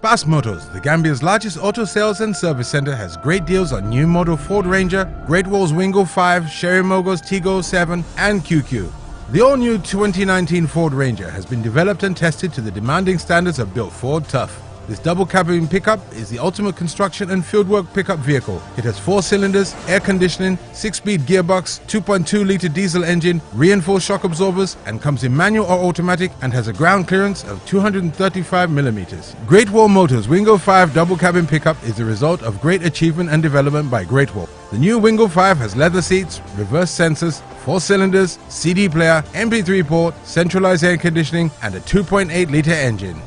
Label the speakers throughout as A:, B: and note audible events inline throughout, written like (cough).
A: Spas Motors, the Gambia's largest auto sales and service center, has great deals on new model Ford Ranger, Great Wall's Wingo 5, Sherry Mogo's Tigo 7, and QQ. The all-new 2019 Ford Ranger has been developed and tested to the demanding standards of built Ford Tough. This double cabin pickup is the ultimate construction and fieldwork pickup vehicle. It has four cylinders, air conditioning, six-speed gearbox, 2.2-litre diesel engine, reinforced shock absorbers, and comes in manual or automatic and has a ground clearance of 235 millimeters. Great Wall Motors Wingo 5 double cabin pickup is the result of great achievement and development by Great Wall. The new Wingo 5 has leather seats, reverse sensors, four cylinders, CD player, MP3 port, centralized air conditioning, and a 2.8 litre engine.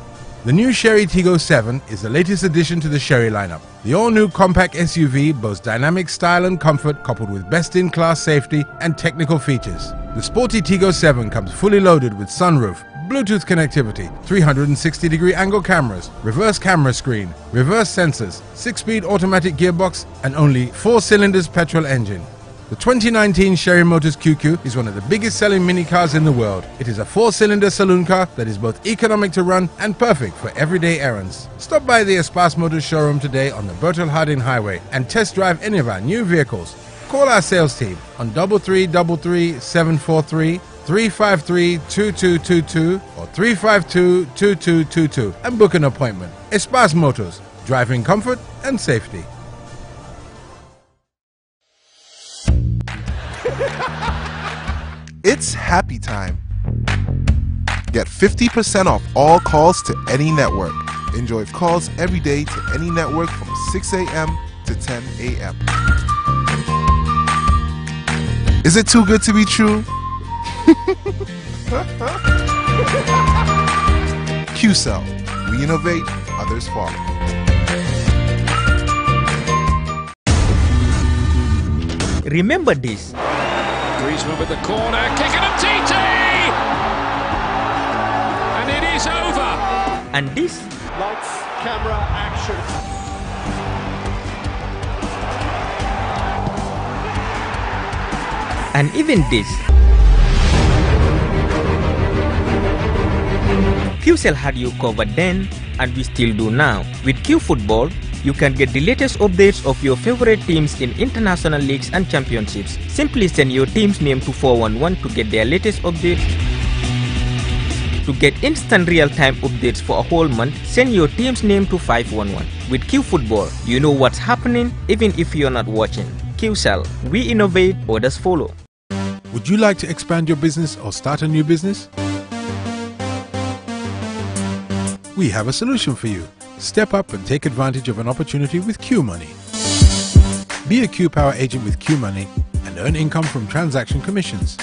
A: The new Sherry Tigo 7 is the latest addition to the Sherry lineup. The all-new compact SUV boasts dynamic style and comfort coupled with best-in-class safety and technical features. The sporty Tigo 7 comes fully loaded with sunroof, Bluetooth connectivity, 360-degree angle cameras, reverse camera screen, reverse sensors, 6-speed automatic gearbox and only 4 cylinders petrol engine. The 2019 Sherry Motors QQ is one of the biggest selling minicars in the world. It is a four-cylinder saloon car that is both economic to run and perfect for everyday errands. Stop by the Espas Motors showroom today on the Bertel Harding Highway and test drive any of our new vehicles. Call our sales team on 3333743 353-2222 or 352-2222 and book an appointment. Espas Motors, driving comfort and safety. It's happy time. Get 50% off all calls to any network. Enjoy calls every day to any network from 6 a.m.
B: to 10 a.m.
A: Is it too good to be true?
C: (laughs)
A: QCell. We innovate, others follow.
D: Remember this with the corner, kicking and TT! And it is over. And this? Lights, camera, action. And even this. QCell
B: had you covered then, and we still do now. With Q Football, you can get the latest updates of your favorite teams in international leagues and championships. Simply send your team's name to 411 to get their latest updates. To get instant real-time
D: updates for a whole month, send your team's name to 511. With QFootball, you know what's happening even if you're not watching. QCell, we innovate, others follow.
A: Would you like to expand your business or start a new business? We have a solution for you. Step up and take advantage of an opportunity with Q Money. Be a Q Power agent with Q Money and earn income from transaction commissions.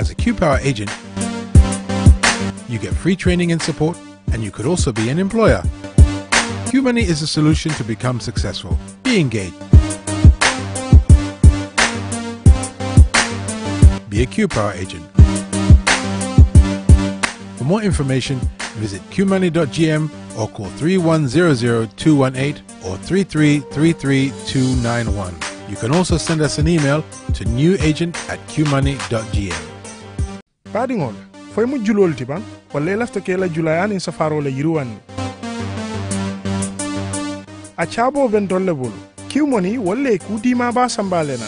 A: As a Q Power agent, you get free training and support, and you could also be an employer. Q Money is a solution to become successful. Be engaged. Be a Q Power agent. For more information, Visit qmoney.gm or call 3100218 or 3333291. You can also send us an email to newagent at qmoney.gm.
C: Paadingol, foy mu julol tiban, wala ilafta kela julayan in safaro le yiruwani. A chabo bentol le QMoney Q-Money wala kuti ma ba sambale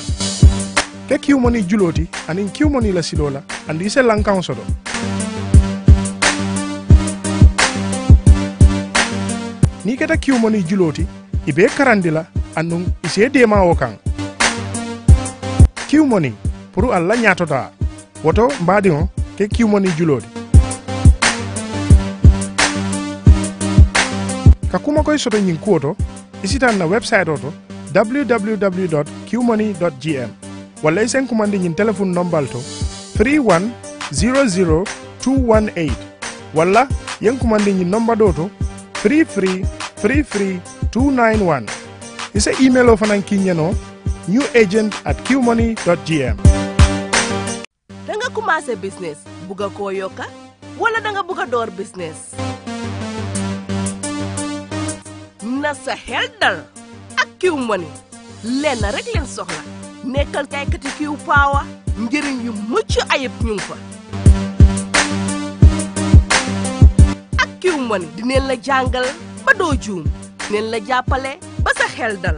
C: Ke juloti, anin Q-Money la silola, andi se langkaw sodo. ni keta kiwmoni juloti ibe karandi la annun ise demawo kan kiwmoni pour alla ñatota woto mbaadiŋo ke kiwmoni juloti ka kuma koy soto ñin kuwo to isitan na website o to www qmoney gm walla i sen kumandi ñiŋ téléphone nombal to 31 00 218 walla yen kumandi ñiŋ nomba do to free free free free 291 ise email o fanan kiñeno new agent at qmoney.gm
D: danga commencé business buga ko yokka wala danga buga door business na sa xel dal ak kiw money lenn rek leen soxla nekkal jaykati kiw paawa njëriñ yu mucc ayib ñu fa kiw mën dinañ la jangal ba do joom dinañ la jappale ba sa xel dal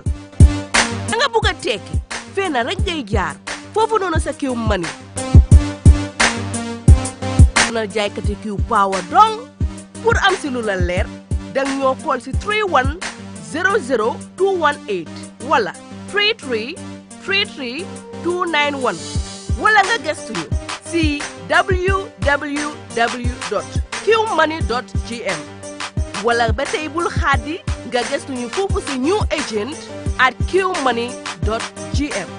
D: nga bugg a tekki fee rek ngay jaar fofu nono sa kiw mani na jay kat kiw power dong pour am ci lula leer dang ñoo xol ci 3100218 wala 3333291 wala nga gestu ci www qmoney.gm wala ba tey bul xaadi nga gëstu ñu foofu si new agent at qmoney.gm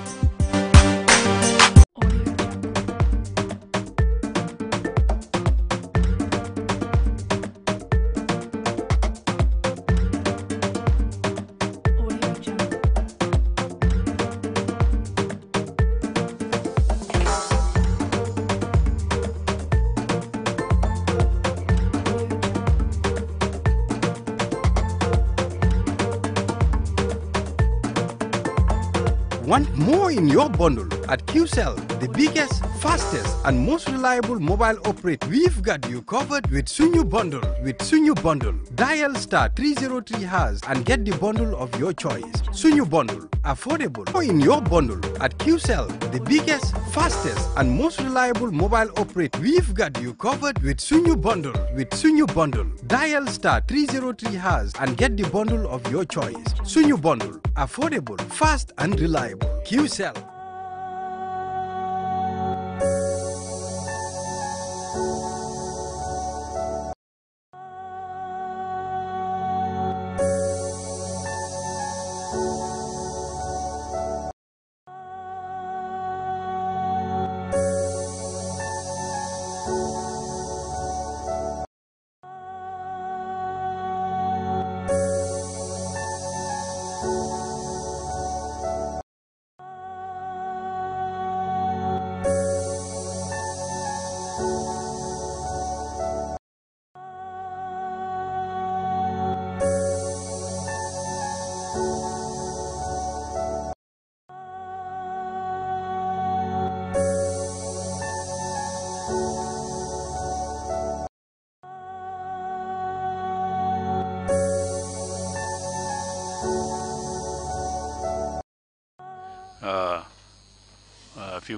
A: your bundle at QCell, the biggest fastest and most reliable mobile operate, we've got you covered with Sunyu Bundle. With Sunyu Bundle, dial star 303 has and get the bundle of your choice. Sunyu Bundle, affordable or in your bundle at QCell, the biggest, fastest and most reliable mobile operate, we've got you covered with Sunyu Bundle. With Sunyu Bundle, dial star 303 has and get the bundle of your choice. Sunyu Bundle, affordable, fast and reliable. QCell.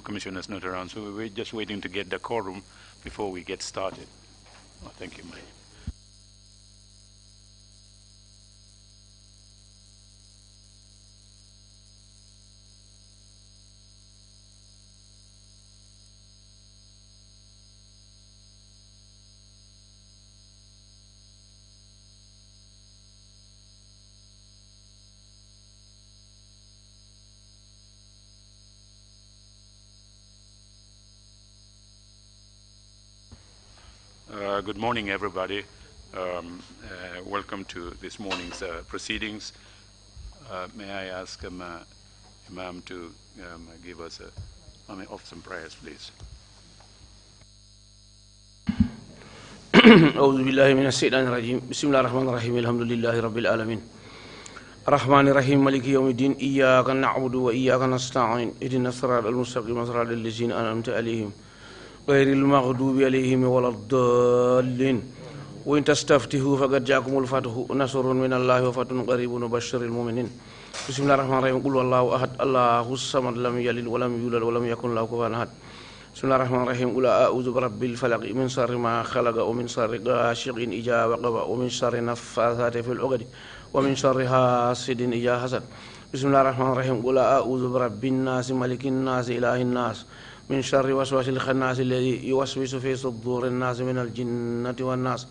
E: commissioner is not around, so we're just waiting to get the quorum before we get started. thank you, Mike. Uh, good morning, everybody. Um, uh, welcome to this morning's uh, proceedings. may I ask um, Imam to um, give us a, I mean, of some prayers, please.
F: أعوذ بالله من الشيطان الرجيم بسم الله الرحمن الرحيم الحمد لله رب العالمين الرحمن الرحيم مالك يوم الدين إياك نعبد وإياك نستعين اهدنا الصراط المستقيم صراط الذين أنعمت عليهم غير المغضوب عليهم ولا الضالين وإن تستفتحوا فقد جاءكم الفتح نصر من الله وفتح قريب وبشر المؤمنين بسم الله الرحمن الرحيم قل الله أحد الله الصمد لم يلد ولم يولد ولم يكن له كفوا أحد بسم الله الرحمن الرحيم قل أعوذ برب الفلق من شر ما خلق ومن شر غاشق إذا وقب ومن شر النفاثات في العقد ومن شر حاسد إذا حسد بسم الله الرحمن الرحيم قل أعوذ برب الناس ملك الناس إله الناس من شر وسواس الخناس الذي يوسوس في صدور الناس من الجنة والناس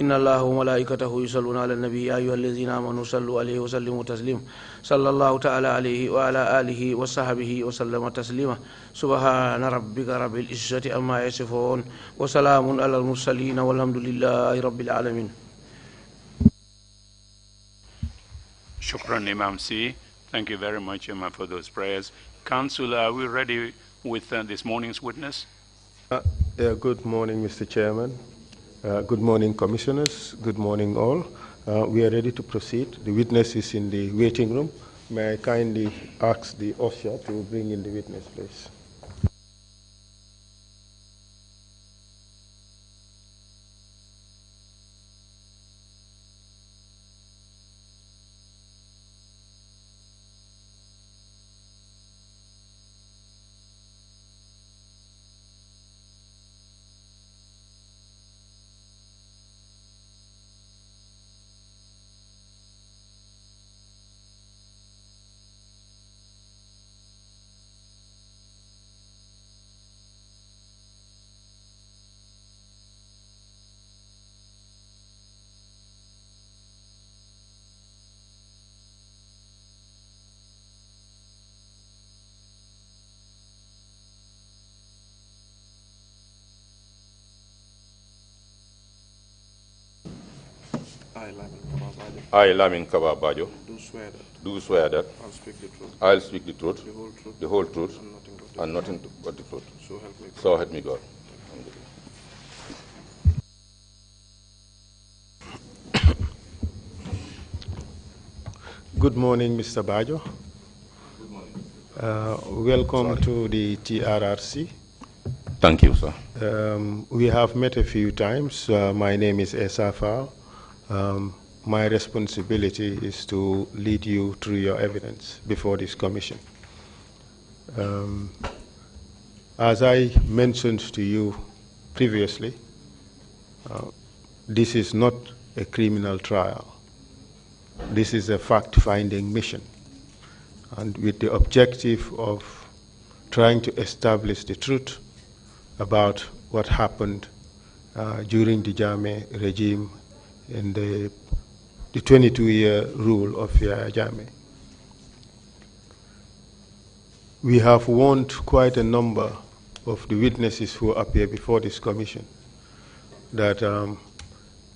F: إن الله وملائكته يصلون على النبي يا أيها الذين آمنوا صلوا عليه وسلموا تسليما صلى الله تعالى عليه وعلى آله وصحبه وسلم تسليما سبحان ربك رب العزة أما يصفون وسلام على المرسلين والحمد لله رب العالمين
E: شكرا إمام سي Thank you very much, Emma, for those prayers. Council, are we ready with uh, this morning's witness?
B: Uh, uh, good morning, Mr. Chairman. good morning, commissioners. Good morning, all. we are ready to proceed. The witness is in the waiting room. May I kindly ask the officer to bring in the witness, please.
A: I, Lamin Kababajo, do swear that, do swear that I'll, speak the truth, I'll speak
E: the truth, the whole truth, the whole truth
F: and nothing but the, and nothing but the truth. So help me God. So
B: help me God. Good morning, Mr. Bajo. Good morning. Uh, welcome Sorry. to the TRRC. Thank you, sir. Um, we have met a few times. Uh, my name is Esafar. Um, my responsibility is to lead you through your evidence before this commission. Um, as I mentioned to you previously, uh, this is not a criminal trial. This is a fact-finding mission, and with the objective of trying to establish the truth about what happened uh, during the Jame regime in the, the 22 year rule of Yahya Jammeh. We have warned quite a number of the witnesses who appear before this commission that um,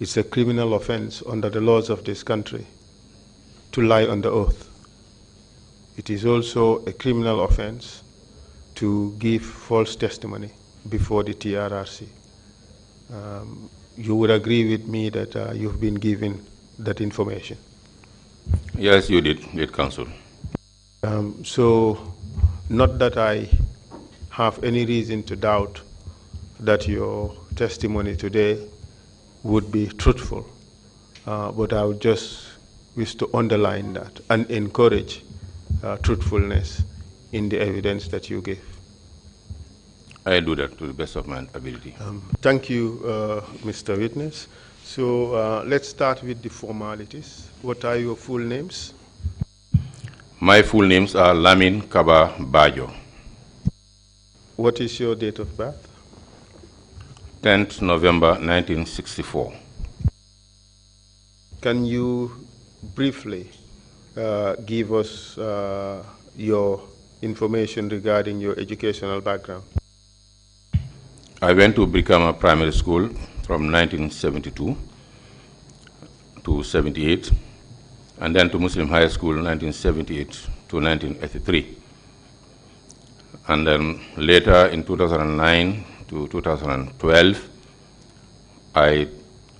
B: it's a criminal offense under the laws of this country to lie under oath. It is also a criminal offense to give false testimony before the TRRC. Um, you would agree with me that uh, you've been given that information.
E: Yes, you did, did counsel.
B: Um, so, not that I have any reason to doubt that your testimony today would be truthful, uh, but I would just wish to underline that and encourage uh, truthfulness in the evidence that you give.
E: I do that to the best of my
B: ability. Um, thank you, uh, Mr. Witness. So uh, let's start with the formalities. What are your full names?
E: My full names are Lamin Kaba Bajo.
B: What is your date of birth?
E: 10th November 1964.
B: Can you briefly uh, give us uh, your information regarding your educational background?
E: I went to Brikama Primary School from 1972 to 78, and then to Muslim High School 1978 to 1983. And then later in 2009 to 2012, I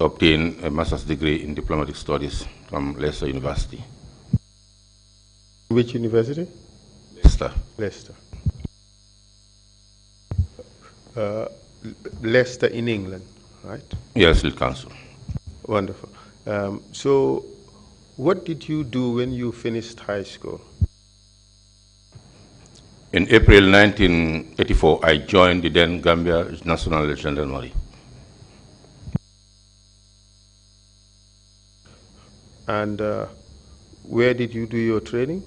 E: obtained a master's degree in diplomatic studies from Leicester University.
B: Which university? Leicester. Leicester. Uh, Leicester in England, right?
E: Yes, it Council.
B: Wonderful. Um, so, what did you do when you finished high school?
E: In April 1984, I joined the then Gambia National Gendarmerie.
B: And uh, where did you do your training?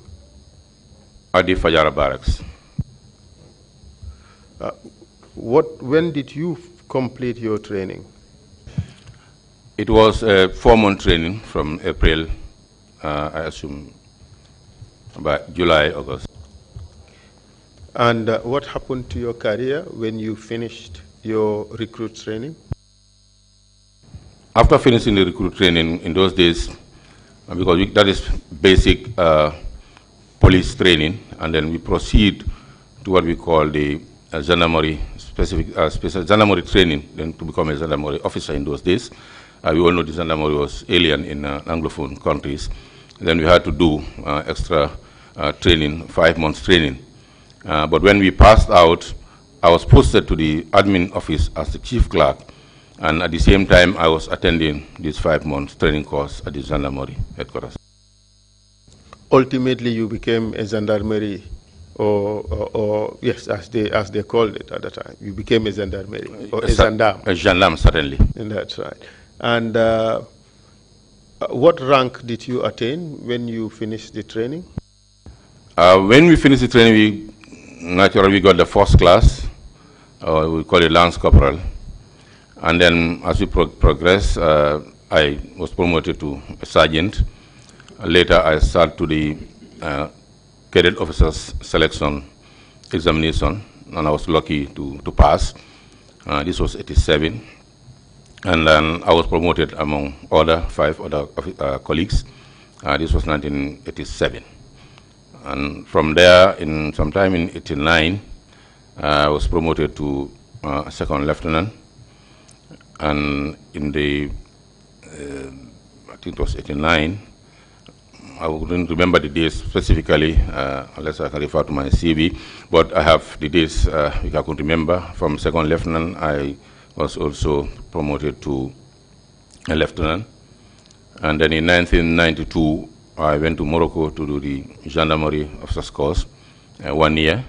E: At the Fajara Barracks.
B: Uh, what, when did you complete your training?
E: It was a four-month training from April, uh, I assume, about July, August.
B: And uh, what happened to your career when you finished your recruit training?
E: After finishing the recruit training in those days, uh, because we, that is basic uh, police training, and then we proceed to what we call the uh, gendarmerie specific, uh, specific gendarmerie training then to become a gendarmerie officer in those days. Uh, we all know the gendarmerie was alien in uh, Anglophone countries. Then we had to do uh, extra uh, training, five months training. Uh, but when we passed out, I was posted to the admin office as the chief clerk, and at the same time, I was attending this five months training course at the gendarmerie headquarters.
B: Ultimately, you became a gendarmerie or, or, or, yes, as they as they called it at the time. You became a gendarmerie or a, a gendarme. A gendarme, certainly. And that's right. And uh, uh, what rank did you attain when you finished the training?
E: Uh, when we finished the training, we naturally we got the first class, or uh, we call it lance corporal. And then as we pro progress, uh, I was promoted to sergeant. Later, I served to the uh, cadet officers selection examination, and I was lucky to, to pass. Uh, this was 87. And then I was promoted among other five other uh, colleagues. Uh, this was 1987. And from there, in sometime in 89, uh, I was promoted to uh, second lieutenant. And in the, uh, I think it was 89, I wouldn't remember the days specifically, uh, unless I can refer to my CV, but I have the days uh, I could remember. From second lieutenant, I was also promoted to a lieutenant. And then in 1992, I went to Morocco to do the gendarmerie officer's course, uh, one year.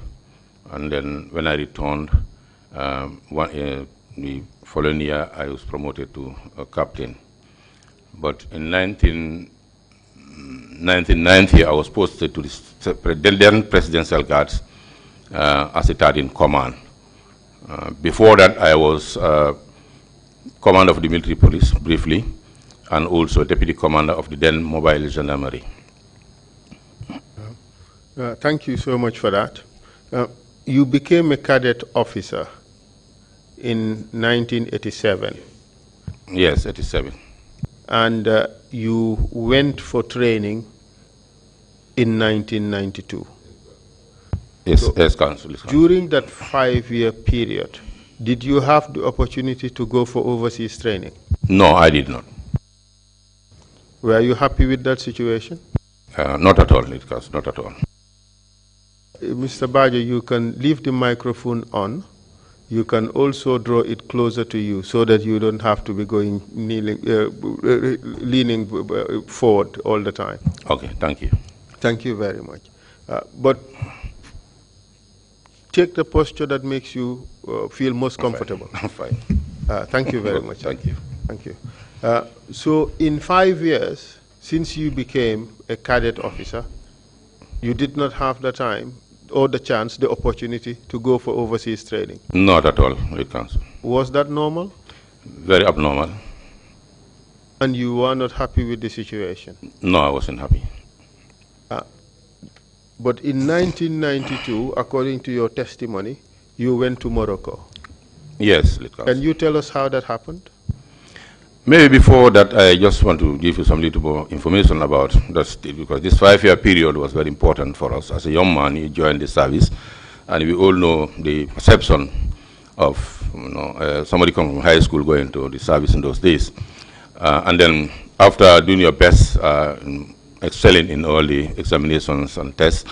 E: And then when I returned, um, one, uh, the following year, I was promoted to a captain. But in 19 1990, I was posted to the then Presidential Guards uh, as a third in command. Uh, before that, I was uh, commander of the military police briefly, and also deputy commander of the then mobile gendarmerie.
B: Uh, thank you so much for that. Uh, you became a cadet officer in 1987. Yes, 87 and uh, you went for training in 1992. Yes, so yes, Council. During that five-year period, did you have the opportunity to go for overseas training?
E: No, I did
B: not. Were you happy with that situation?
E: Uh, not at all, it not at all. Uh,
B: Mr. Baja, you can leave the microphone on you can also draw it closer to you so that you don't have to be going kneeling, uh, uh leaning uh, forward all the time. Okay, thank you. Thank you very much. Uh, but take the posture that makes you uh, feel most comfortable. I'm fine. I'm uh, fine. thank you very much. thank you. Thank you. so, in five years, since you became a cadet officer, you did not have the time or the chance, the opportunity to go for overseas training?
E: Not at all, it comes.
B: Was that normal?
E: Very abnormal.
B: And you were not happy with the situation? No, I wasn't happy. Ah. but in 1992, according to your testimony, you went to Morocco.
E: Yes, Likas. Can
B: you tell us how that happened?
E: Maybe before that, I just want to give you some little more information about that because this five-year period was very important for us. As a young man, he joined the service, and we all know the perception of you know, uh, somebody coming from high school going to the service in those days. Uh, and then after doing your best, uh, excelling in all the examinations and tests,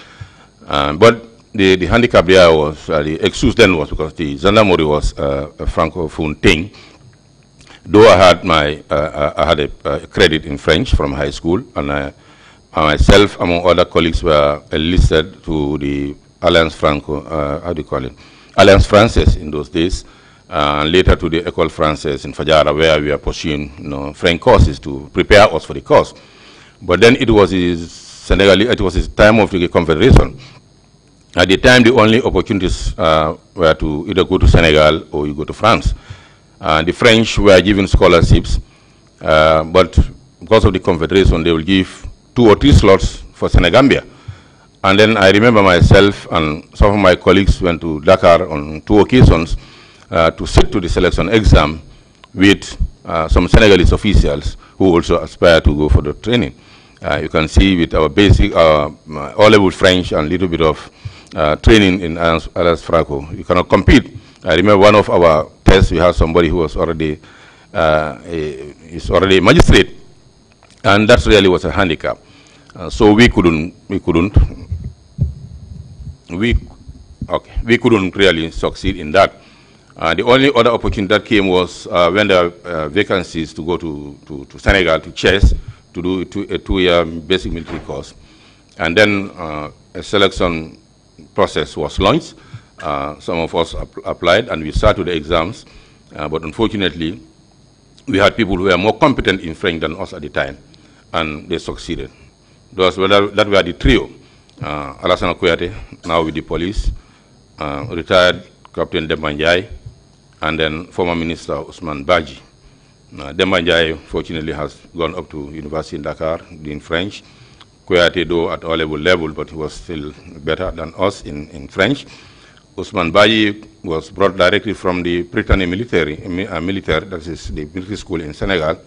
E: um, but the, the handicap there was, uh, the excuse then was because the gendarmerie was uh, a francophone thing, Though I had my, uh, uh I had a, uh, credit in French from high school, and I, myself, among other colleagues, were enlisted to the Alliance Franco, uh, how do you call it, Alliance Française in those days, uh, and later to the École Française in Fajara, where we are pursuing you know, French courses to prepare us for the course. But then it was his Senegal, it was his time of the Confederation. At the time, the only opportunities uh, were to either go to Senegal or you go to France. Uh, the French were given scholarships, uh, but because of the Confederation, they will give two or three slots for Senegambia. And then I remember myself and some of my colleagues went to Dakar on two occasions uh, to sit to the selection exam with uh, some Senegalese officials who also aspire to go for the training. Uh, you can see with our basic, uh, all-level French and a little bit of training in Alas Franco, you cannot compete I remember one of our tests, we had somebody who was already, uh, a, is already a magistrate, and that really was a handicap. Uh, so we couldn't, we couldn't, we, okay, we couldn't really succeed in that. Uh, the only other opportunity that came was uh, when there were uh, vacancies to go to, to, to Senegal, to Chess, to do two, a two-year basic military course. And then uh, a selection process was launched. Uh, some of us applied and we sat to the exams, uh, but unfortunately, we had people who were more competent in French than us at the time, and they succeeded. Those were, that were the trio. Uh, Alassane Kouyate, now with the police, uh, retired Captain Dembanjai, and then former Minister Usman Baji. Uh, Dembanjai, fortunately, has gone up to university in Dakar in French. Kouyate, though, at all level level, but he was still better than us in, in French. Usman Bayi was brought directly from the Brittany military, military, that is the military school in Senegal,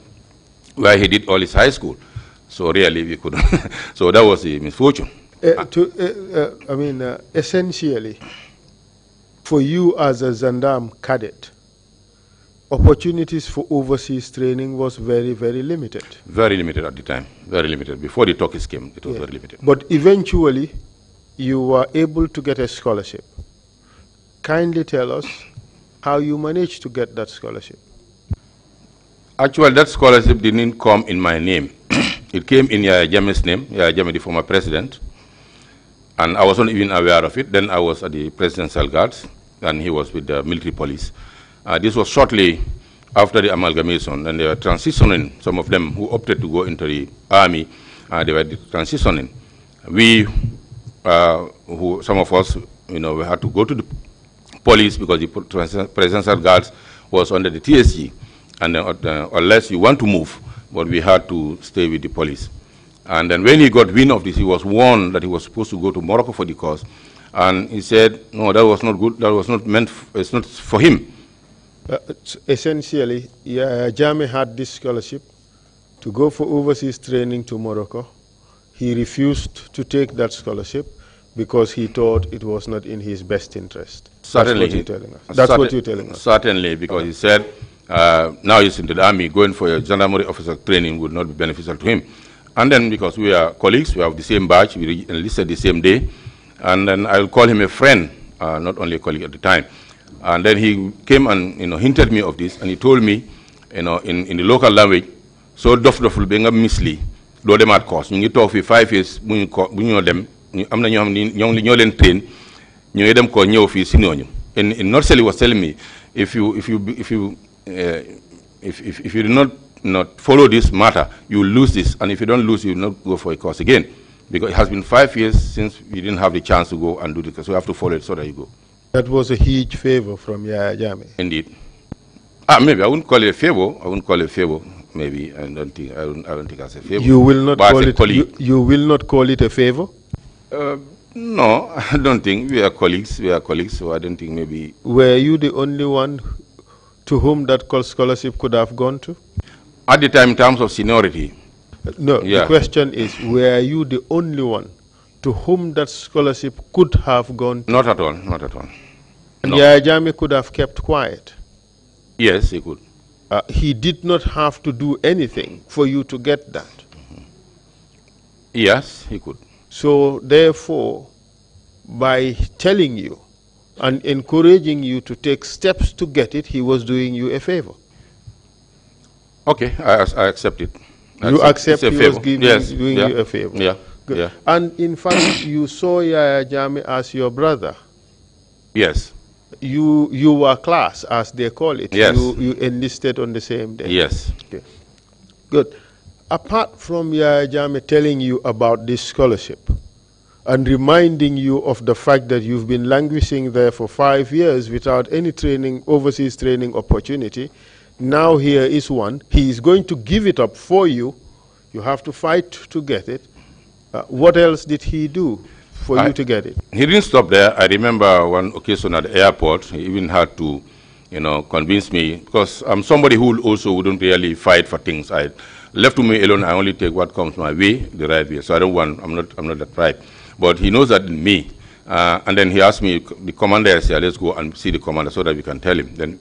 E: where he did all his high school. So really, we could. (laughs) so that was the misfortune.
B: Uh, to, uh, I mean, uh, essentially, for you as a Zandam cadet, opportunities for overseas training was very, very limited.
E: Very limited at the time. Very limited. Before the Turkish came,
B: it was yeah. very limited. But eventually, you were able to get a scholarship kindly tell us how you managed to get that scholarship.
E: Actually, that scholarship didn't come in my name. (clears throat) it came in Yaya Jame's name, Yaya Jame, the former president. And I wasn't even aware of it. Then I was at the presidential guards, and he was with the military police. Uh, this was shortly after the amalgamation, and they were transitioning. Some of them who opted to go into the army, uh, they were transitioning. We, uh, who some of us, you know, we had to go to the police because the presidential guards was under the TSG, and uh, uh, unless you want to move, but we had to stay with the police. And then when he got wind of this, he was warned that he was supposed to go to Morocco for the cause, and he said, no, that was not good. That was not meant. it's not for him.
B: Uh, essentially, yeah, uh, had this scholarship to go for overseas training to Morocco. He refused to take that scholarship because he thought it was not in his best interest certainly. That's what you're telling us. That's certain, what you're telling
E: us. Certainly, because okay. he said uh, now he's in the army, going for a gendarmerie officer training would not be beneficial to him. And then because we are colleagues, we have the same batch, we enlisted the same day, and then I'll call him a friend, uh, not only a colleague at the time. And then he came and you know hinted me of this, and he told me, you know, in, in the local language, so dof doful be nga misli do demaat course ñu ngi toog fi 5 years bu ñu ko bu ñu dem am na ñoo xam ni ñoo train ñu ngi dem ko ñëw fii si ñooñu in in North Sali was telling me if you if you if you uh, if, if if you do not not follow this matter you lose this and if you don't lose you will not go for a course again because it has been five years since we didn't have the chance to go and do the so you have to follow it so that you go.
B: That was a huge favor from Yaya Jame.
E: Indeed. Ah, maybe I wouldn't call it a favor. I wouldn't call it a favor. Maybe I don't think I don't, I don't think as a favor. You will not call it. You,
B: you, will not call it a favor.
E: Uh, no, I don't think. We are colleagues. We are colleagues, so I don't think maybe.
B: Were you the only one to whom that scholarship could have gone to?
E: At the time, in terms of seniority. No, yeah. the question
B: is were you the only one to whom that scholarship could have gone? To? Not
E: at all, not at all.
B: And no. Yajami could have kept quiet? Yes, he could. Uh, he did not have to do anything for you to get that? Mm -hmm.
E: Yes, he could.
B: So, therefore, by telling you and encouraging you to take steps to get it, he was doing you a favor. Okay,
E: I, I accept it. I you accept, accept he was giving, yes. doing yeah. you a favor. Yeah.
B: Good. yeah. And in fact, you saw Yaya Jami as your brother. Yes. You you were class, as they call it. Yes. You, you enlisted on the same day. Yes. Okay. Good apart from Yaya telling you about this scholarship and reminding you of the fact that you've been languishing there for five years without any training, overseas training opportunity, now here is one. He is going to give it up for you. You have to fight to get it. Uh, what else did he do for I you to get it?
E: He didn't stop there. I remember one occasion at the airport, he even had to, you know, convince me because I'm somebody who also wouldn't really fight for things. I, left to me alone, I only take what comes my way, the right way. So I don't want, I'm not, I'm not that type. But he knows that in me. Uh, and then he asked me, the commander, I said, let's go and see the commander so that we can tell him then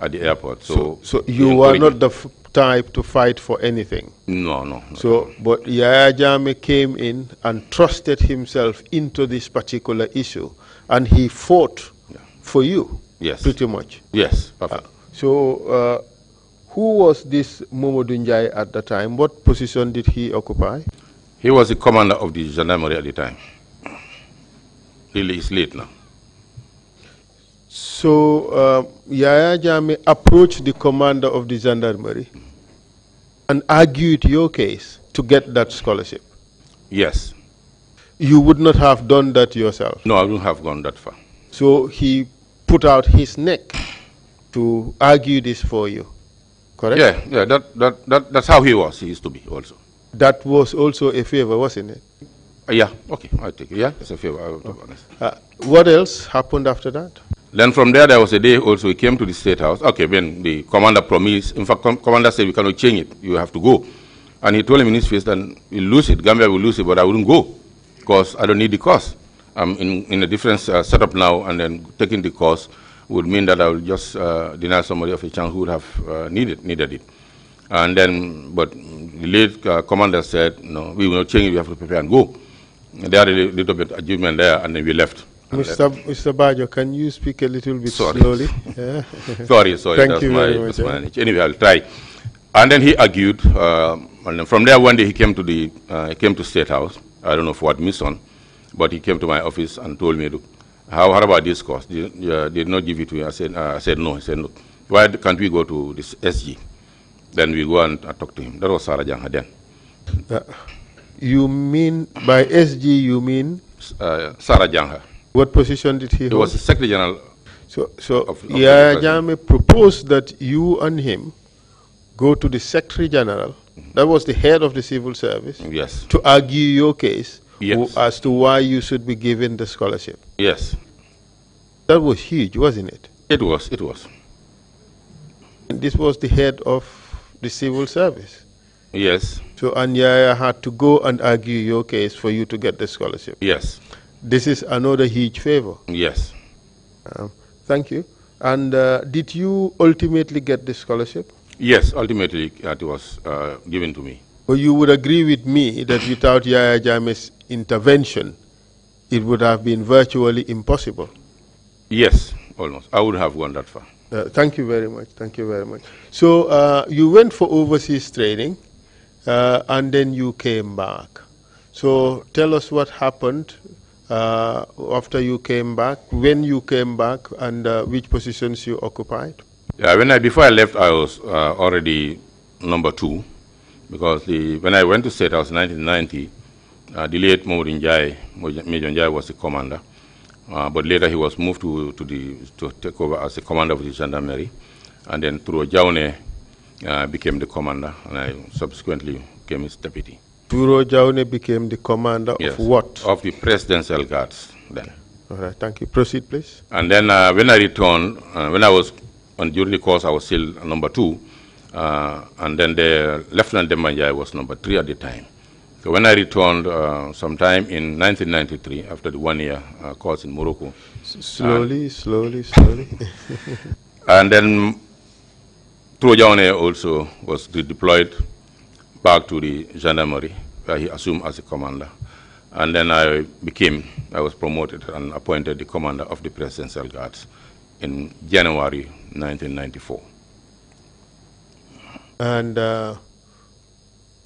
E: at the airport. So, so, so you are not
B: the type to fight for anything? No, no. So, but Yaya Jame came in and trusted himself into this particular issue and he fought yeah. for you. Yes. Pretty much.
E: Yes, perfect. Uh,
B: so, uh, who was this Momodou Njai at the time? What position did he occupy?
E: He was the commander of the gendarmerie at the time. He is late now.
B: So uh, Yaya approached the commander of the gendarmerie and argued your case to get that scholarship. Yes. You would not have done that yourself. No, I wouldn't have gone that far. So he put out his neck to argue this for you correct? Yeah,
E: yeah, that, that, that, that's how he was, he used to be also.
B: That was also a favor, wasn't it?
E: Uh, yeah, okay, I take it. Yeah, it's a favor, okay.
B: uh, what else happened after that?
E: Then from there, there was a day also we came to the State House. Okay, when the commander promised, in fact, com commander said, we cannot change it, you have to go. And he told him in his face that we'll lose it, Gambia will lose it, but I wouldn't go because I don't need the cost. I'm in, in a different uh, setup now and then taking the course would mean that I will just uh, deny somebody of a chance who would have uh, needed, needed it. And then, but the late uh, commander said, no, we will not change it, we have to prepare and go. And they had a little bit of achievement there, and then we left.
B: Mr. Mr. Bajo, can you speak a little bit sorry. slowly? (laughs) sorry, sorry. Thank that's you my, very much. My
E: anyway, I'll try. And then he argued, uh, and from there one day he came to the, uh, he came to State House. I don't know for what mission, but he came to my office and told me to how, how about this course? Did, uh, did not give it to you. I said, uh, I said no. He said, no. Why can't we go to this SG? Then we go and uh, talk to him. That was Sarah Janga then.
B: you mean, by SG, you mean?
E: Uh, Sarah Jangha?
B: What position did he, he hold? He was the
E: Secretary General.
B: So, so of, of Yaya Jame proposed that you and him go to the Secretary General, mm -hmm. that was the head of the civil service, yes. to argue your case yes. who, as to why you should be given the scholarship. Yes. That was huge, wasn't it? It was, it was. And this was the head of the civil service. Yes. So Anyaya had to go and argue your case for you to get the scholarship. Yes. This is another huge favor. Yes. Um, thank you. And uh, did you ultimately get the scholarship? Yes,
E: ultimately uh, it was uh, given to me.
B: Well, you would agree with me that without Yaya Jame's intervention, it would have been virtually impossible.
E: Yes, almost. I would have gone that far.
B: Uh, thank you very much. Thank you very much. So uh, you went for overseas training, uh, and then you came back. So tell us what happened uh, after you came back, when you came back, and uh, which positions you occupied.
E: Yeah, when I before I left, I was uh, already number two, because the, when I went to state, I was 1990. Uh, the late Mamoudou Njai, Major Njai was the commander, uh, but later he was moved to, to, the, to take over as the commander of the gendarmerie. And then through Jaune uh, became the commander, and I subsequently became his deputy.
B: Turo Jaune became the commander yes, of what?
E: Of the Presidential Guards
B: then. All right, thank you. Proceed, please. And
E: then uh, when I returned, uh, when I was on during the course, I was still number two, uh, and then the Lieutenant Demanjai was number three at the time. So when I returned uh, sometime in 1993, after the one-year uh, course in Morocco. slowly,
B: uh, slowly, slowly, (laughs)
E: and then Trojane also was deployed back to the gendarmerie, where he assumed as a commander. And then I became, I was promoted and appointed the commander of the Presidential Guards
B: in January
E: 1994.
B: And uh,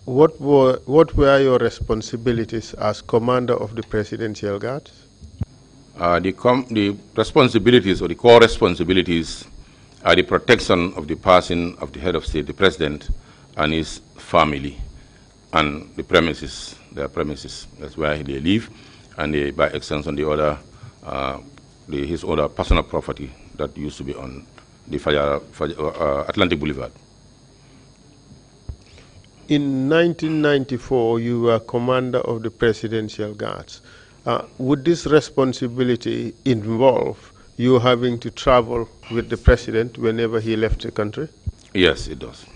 B: what were, what were your responsibilities as commander of the Presidential Guard?
E: Uh, the, the responsibilities or the core responsibilities are the protection of the person of the head of state, the president, and his family, and the premises, their premises. That's where they live, and they, by extension, the other, uh, the, his other personal property that used to be on the uh, Atlantic Boulevard.
B: In 1994, you were commander of the Presidential Guards. Uh, would this responsibility involve you having to travel with the president whenever he left the country?
E: Yes, it does.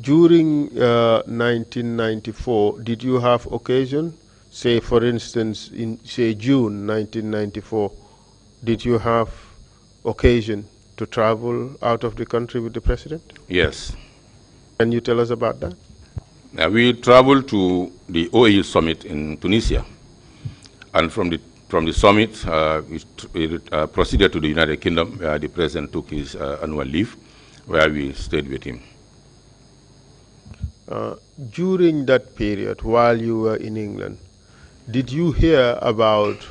B: During uh, 1994, did you have occasion, say for instance, in say June 1994, did you have occasion to travel out of the country with the president? Yes. Can you tell us about that?
E: Uh, we traveled to the OAU summit in Tunisia, and from the from the summit, uh, we, we uh, proceeded to the United Kingdom, where the president took his uh, annual leave, where we stayed with him.
B: Uh, during that period, while you were in England, did you hear about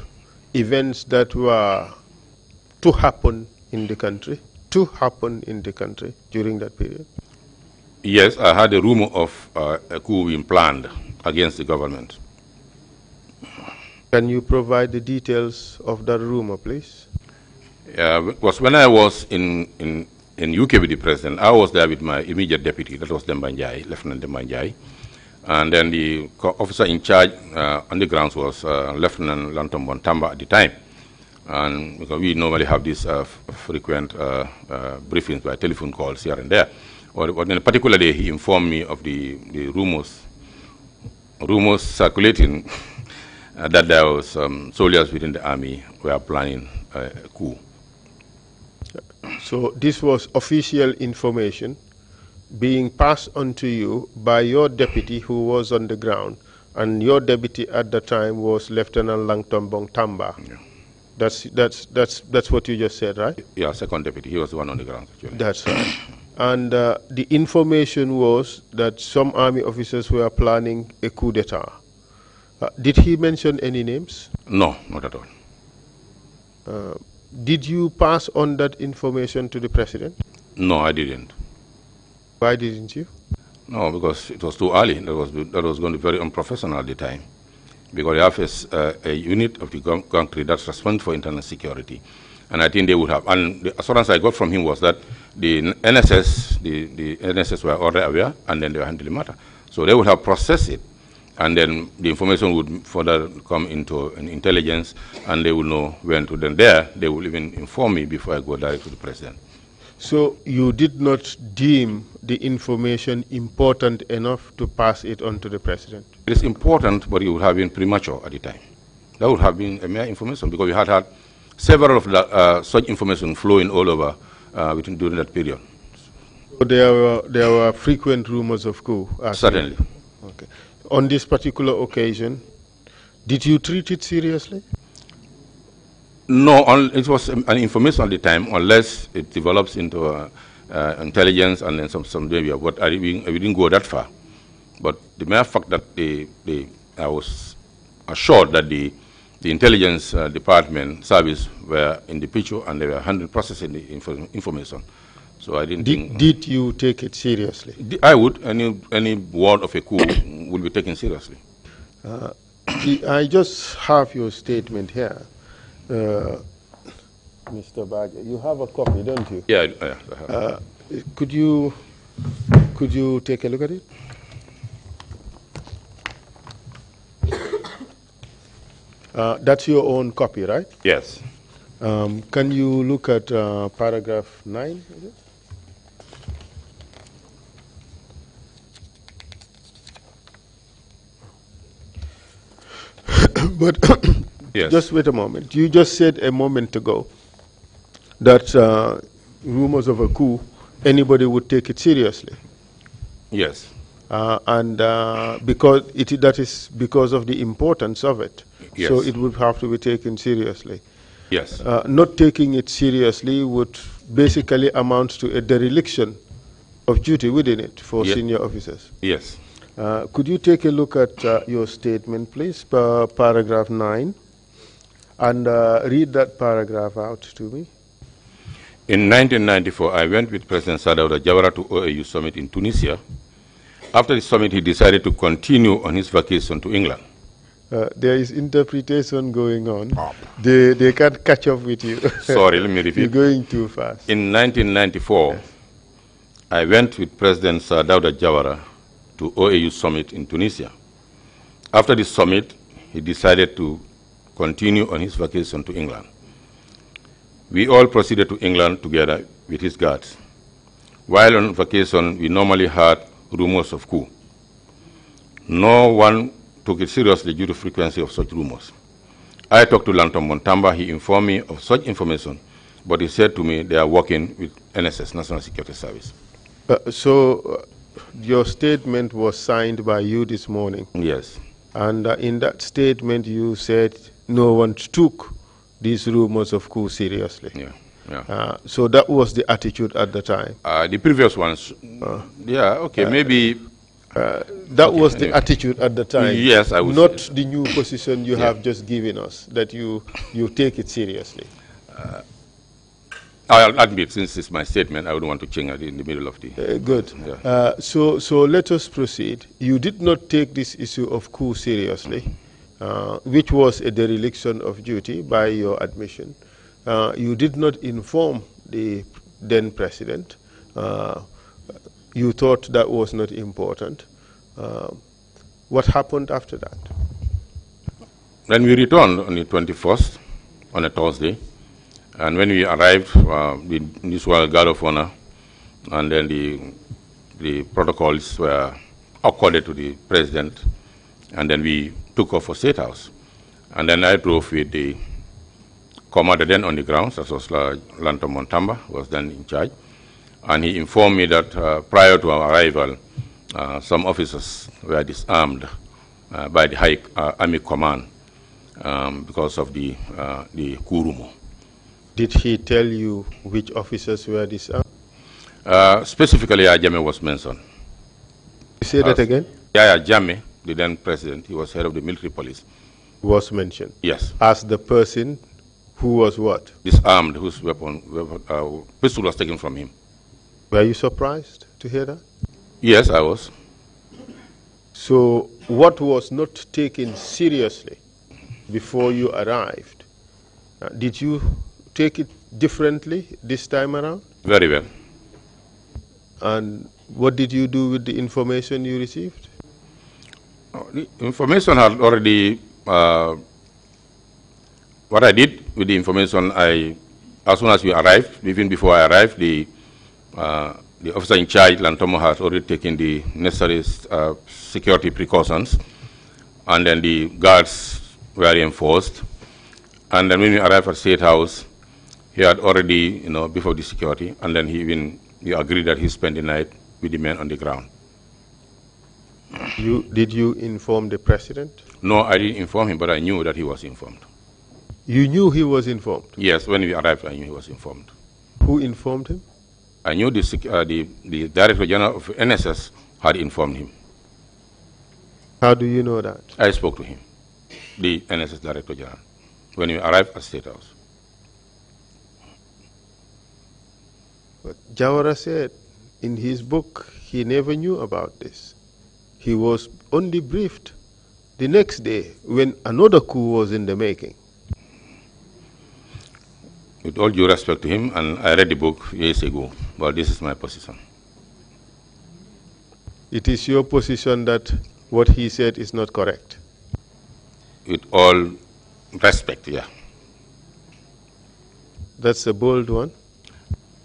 B: events that were to happen in the country, to happen in the country during that period?
E: Yes, I had a rumor of uh, a coup being planned against the government.
B: Can you provide the details of that rumor, please?
E: Yeah, because when I was in, in, in UK with the president, I was there with my immediate deputy, that was Dembanjai, Lieutenant Dembanjai. And then the officer in charge uh, on the grounds was uh, Lieutenant Lantom Bontamba at the time. And we normally have these uh, frequent uh, uh, briefings by telephone calls here and there or, or particularly he informed me of the, the rumors, rumors circulating (laughs) uh, that there was um, soldiers within the army were planning
B: a coup. So this was official information being passed on to you by your deputy who was on the ground, and your deputy at the time was Lieutenant Langton Tamba. Yeah. That's, that's, that's, that's what you just said, right? Yeah, second deputy. He was the one on the ground, actually. That's right and uh, the information was that some army officers were planning a coup d'etat. Uh, did he mention any names?
E: No, not at all.
B: Uh, did you pass on that information to the president?
E: No, I didn't.
B: Why didn't you?
E: No, because it was too early. That was, that was going to be very unprofessional at the time. Because we have a, uh, a unit of the country that's responsible for internal security. And I think they would have. And the assurance I got from him was that the NSS, the, the NSS were already aware, and then they were handling the matter. So they would have processed it, and then the information would further come into an intelligence, and they would know when to. Then there, they would even inform me before I go direct to the
B: president. So you did not deem the information important enough to pass it on to the president?
E: It is important, but it would have been premature at the time. That would have been a mere information because we had had several of the, uh, such information flowing all over uh, within, during that period.
B: So there were there were frequent rumors of coup. Actually. Certainly. Okay. On this particular occasion, did you treat it seriously? No,
E: it was an information at the time, unless it develops into a, uh, uh, intelligence and then some some behavior. But I, we, we didn't go that far. But the mere fact that they, they I was assured that the the intelligence uh, department service were in the picture and they were handling processing the information. So I didn't. Did,
B: did you take it seriously? I
E: would. Any any word of a coup would be taken seriously.
B: Uh, (coughs) I just have your statement here, uh, Mr. Badger. You have a copy, don't you? Yeah, I, I have. Uh, could you could you take a look at it? Uh, that's your own copy, right? Yes. Um, can you look at uh, paragraph 9?
F: (coughs) but (coughs) yes. just
B: wait a moment. You just said a moment ago that uh, rumors of a coup, anybody would take it seriously. Yes. Uh, and uh, because it, that is because of the importance of it. Yes. So it would have to be taken seriously. Yes. Uh, not taking it seriously would basically amount to a dereliction of duty within it for yep. senior officers. Yes. Uh, could you take a look at uh, your statement, please, paragraph 9, and uh, read that paragraph out to me?
E: In 1994, I went with President Sadaura Jawara to OAU summit in Tunisia after the summit, he decided to continue on his vacation to England.
B: Uh, there is interpretation going on. They, they can't catch up with you. (laughs) Sorry, let me repeat. You're going too fast.
E: In 1994, yes. I went with President Sir Jawara to OAU summit in Tunisia. After the summit, he decided to continue on his vacation to England. We all proceeded to England together with his guards. While on vacation, we normally had rumors of coup. No one took it seriously due to frequency of such rumors. I talked to Lanton Montamba. He informed me of such information, but he said to me they are working with NSS, National Security Service.
B: Uh, so uh, your statement was signed by you this morning? Yes. And uh, in that statement you said no one took these rumors of coup seriously? Yeah. Yeah. Uh, so that was the attitude at the time.
E: Uh, the previous ones.
B: Uh, yeah, okay, uh, maybe. Uh, that okay, was anyway. the attitude at the time. Yes, I would. Not the new position you yeah. have just given us. That you you take it seriously. Uh,
E: I'll admit, since it's my statement, I would want to change it in the middle of the...
B: Uh, good. Yeah. Uh, so, so let us proceed. You did not take this issue of coup seriously, uh, which was a dereliction of duty by your admission uh, you did not inform the then president. Uh, you thought that was not important. Uh, what happened after that?
E: Then we returned on the 21st, on a Thursday. And when we arrived, uh, the usual guard of honor, and then the, the protocols were accorded to the president. And then we took off for State House. And then I drove with the commander then on the ground, that was Lanto Montamba, was then in charge. And he informed me that uh, prior to our arrival, uh, some officers were disarmed uh, by the High uh, Army Command um, because of the, uh, the Kurumo.
B: Did he tell you which officers were disarmed?
E: Uh, specifically, Ajame was mentioned.
B: You say that again?
E: Yaya the then president, he was head of the military police. Was mentioned? Yes.
B: As the person who was
E: what? Disarmed, whose weapon, weapon uh, pistol was taken from him.
B: Were you surprised to hear that? Yes, I was. So, what was not taken seriously before you arrived, uh, did you take it differently this time around? Very well. And what did you do with the information you received? Uh, the information
E: had already uh, what I did with the information, I, as soon as we arrived, even before I arrived, the, uh, the officer in charge, Lantomo, has already taken the necessary uh, security precautions, and then the guards were reinforced. And then when we arrived at State House, he had already, you know, before the security, and then he even he agreed that he spent the night with the men on the ground.
B: You, did you inform the president?
E: No, I didn't inform him, but I knew that he was informed.
B: You knew he was informed?
E: Yes, when we arrived, I knew he was informed.
B: Who informed him?
E: I knew the, uh, the, the Director General of NSS had informed him.
B: How do you know that?
E: I spoke to him, the NSS Director General, when we arrived at State House.
B: But Jawara said in his book he never knew about this. He was only briefed the next day when another coup was in the making.
E: With all due respect to him, and I read the book years ago, but this is my position.
B: It is your position that what he said is not correct? With all respect, yeah. That's a bold one?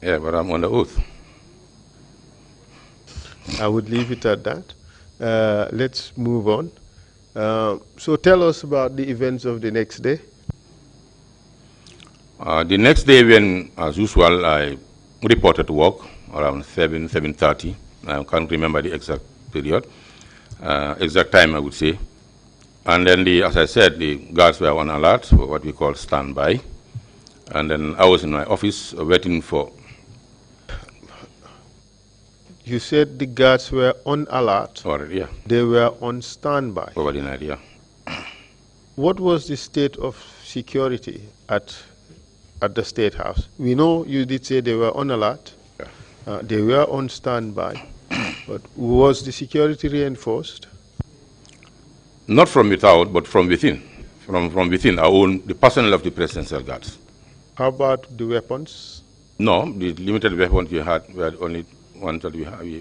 E: Yeah, but I'm on the oath.
B: I would leave it at that. Uh, let's move on. Uh, so tell us about the events of the next day.
E: Uh, the next day when, as usual, I reported to work around 7, 7.30. I can't remember the exact period, uh, exact time I would say. And then, the, as I said, the guards were on alert, what we call standby. And then I was in my office waiting for...
B: You said the guards were on alert? Or, yeah. They were on standby? Overnight, yeah. What was the state of security at at the State House. We know you did say they were on alert, yeah. uh, they were on standby, (clears throat) but was the security reinforced?
E: Not from without, but from within, from, from within our own, the personnel of the presidential guards.
B: How about the weapons?
E: No, the limited weapons we had were only ones that we, had, we,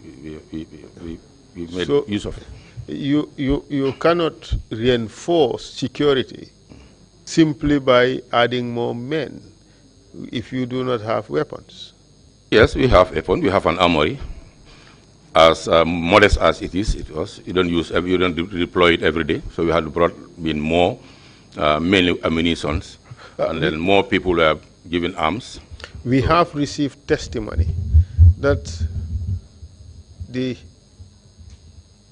E: we, we, we, made so use of. It.
B: You, you, you cannot reinforce security simply by adding more men if you do not have weapons?
E: Yes, we have weapons. We have an armory. As uh, modest as it is, it was. You don't use, you don't de deploy it every day. So we had brought in more, uh, mainly ammunition, uh, and then more people were given arms.
B: We so have received testimony that the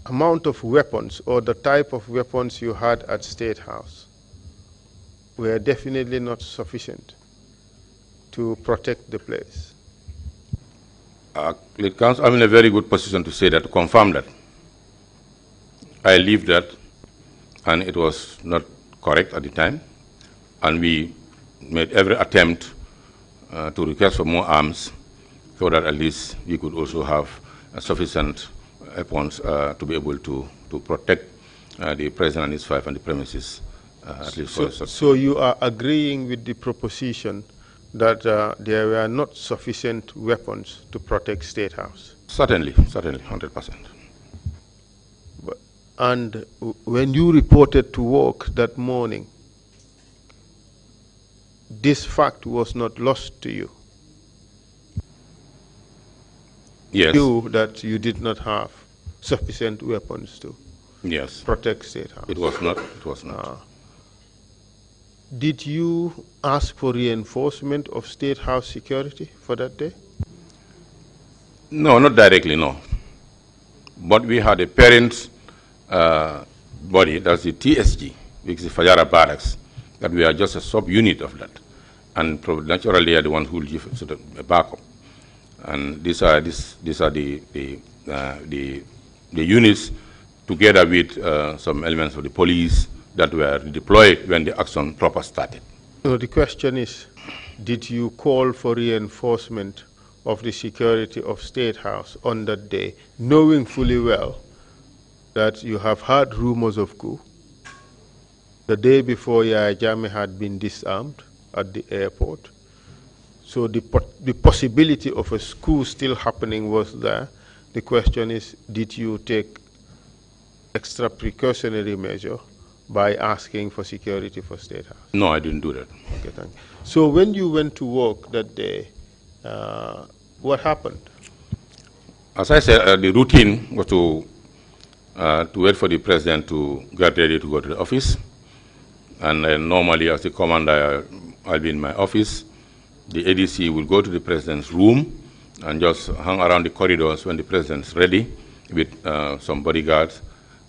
B: amount of weapons or the type of weapons you had at State House were definitely not sufficient to protect the place?
E: Uh, it comes, I'm in a very good position to say that, to confirm that. I leave that, and it was not correct at the time, and we made every attempt uh, to request for more arms so that at least we could also have sufficient weapons uh, to be able to, to protect uh, the president and his wife and the premises. Uh, so,
B: so, you are agreeing with the proposition that uh, there were not sufficient weapons to protect State House? Certainly, certainly, 100%. And when you reported to work that morning, this fact was not lost to you. Yes. You that you did not have sufficient weapons to yes. protect State House. It was
E: not. It was not.
B: Uh, did you ask for reinforcement of State House security for that day?
E: No, not directly, no. But we had a parent uh, body, that's the TSG, which is Fajara Barracks, that we are just a sub-unit of that. And naturally are the ones who will give sort of a backup. And these are, this, these are the, the, uh, the, the, units together with uh, some elements of the police that were deployed when the action proper started.
B: So the question is, did you call for reinforcement of the security of State House on that day, knowing fully well that you have heard rumors of coup? The day before, Yaya Jammeh had been disarmed at the airport. So the, po the possibility of a coup still happening was there. The question is, did you take extra precautionary measure by asking for security for State House? No, I didn't do that. Okay, thank you. So when you went to work that day, uh, what happened?
E: As I said, uh, the routine was to, uh, to wait for the president to get ready to go to the office. And normally, as the commander, uh, I'll be in my office. The ADC will go to the president's room and just hang around the corridors when the president's ready with uh, some bodyguards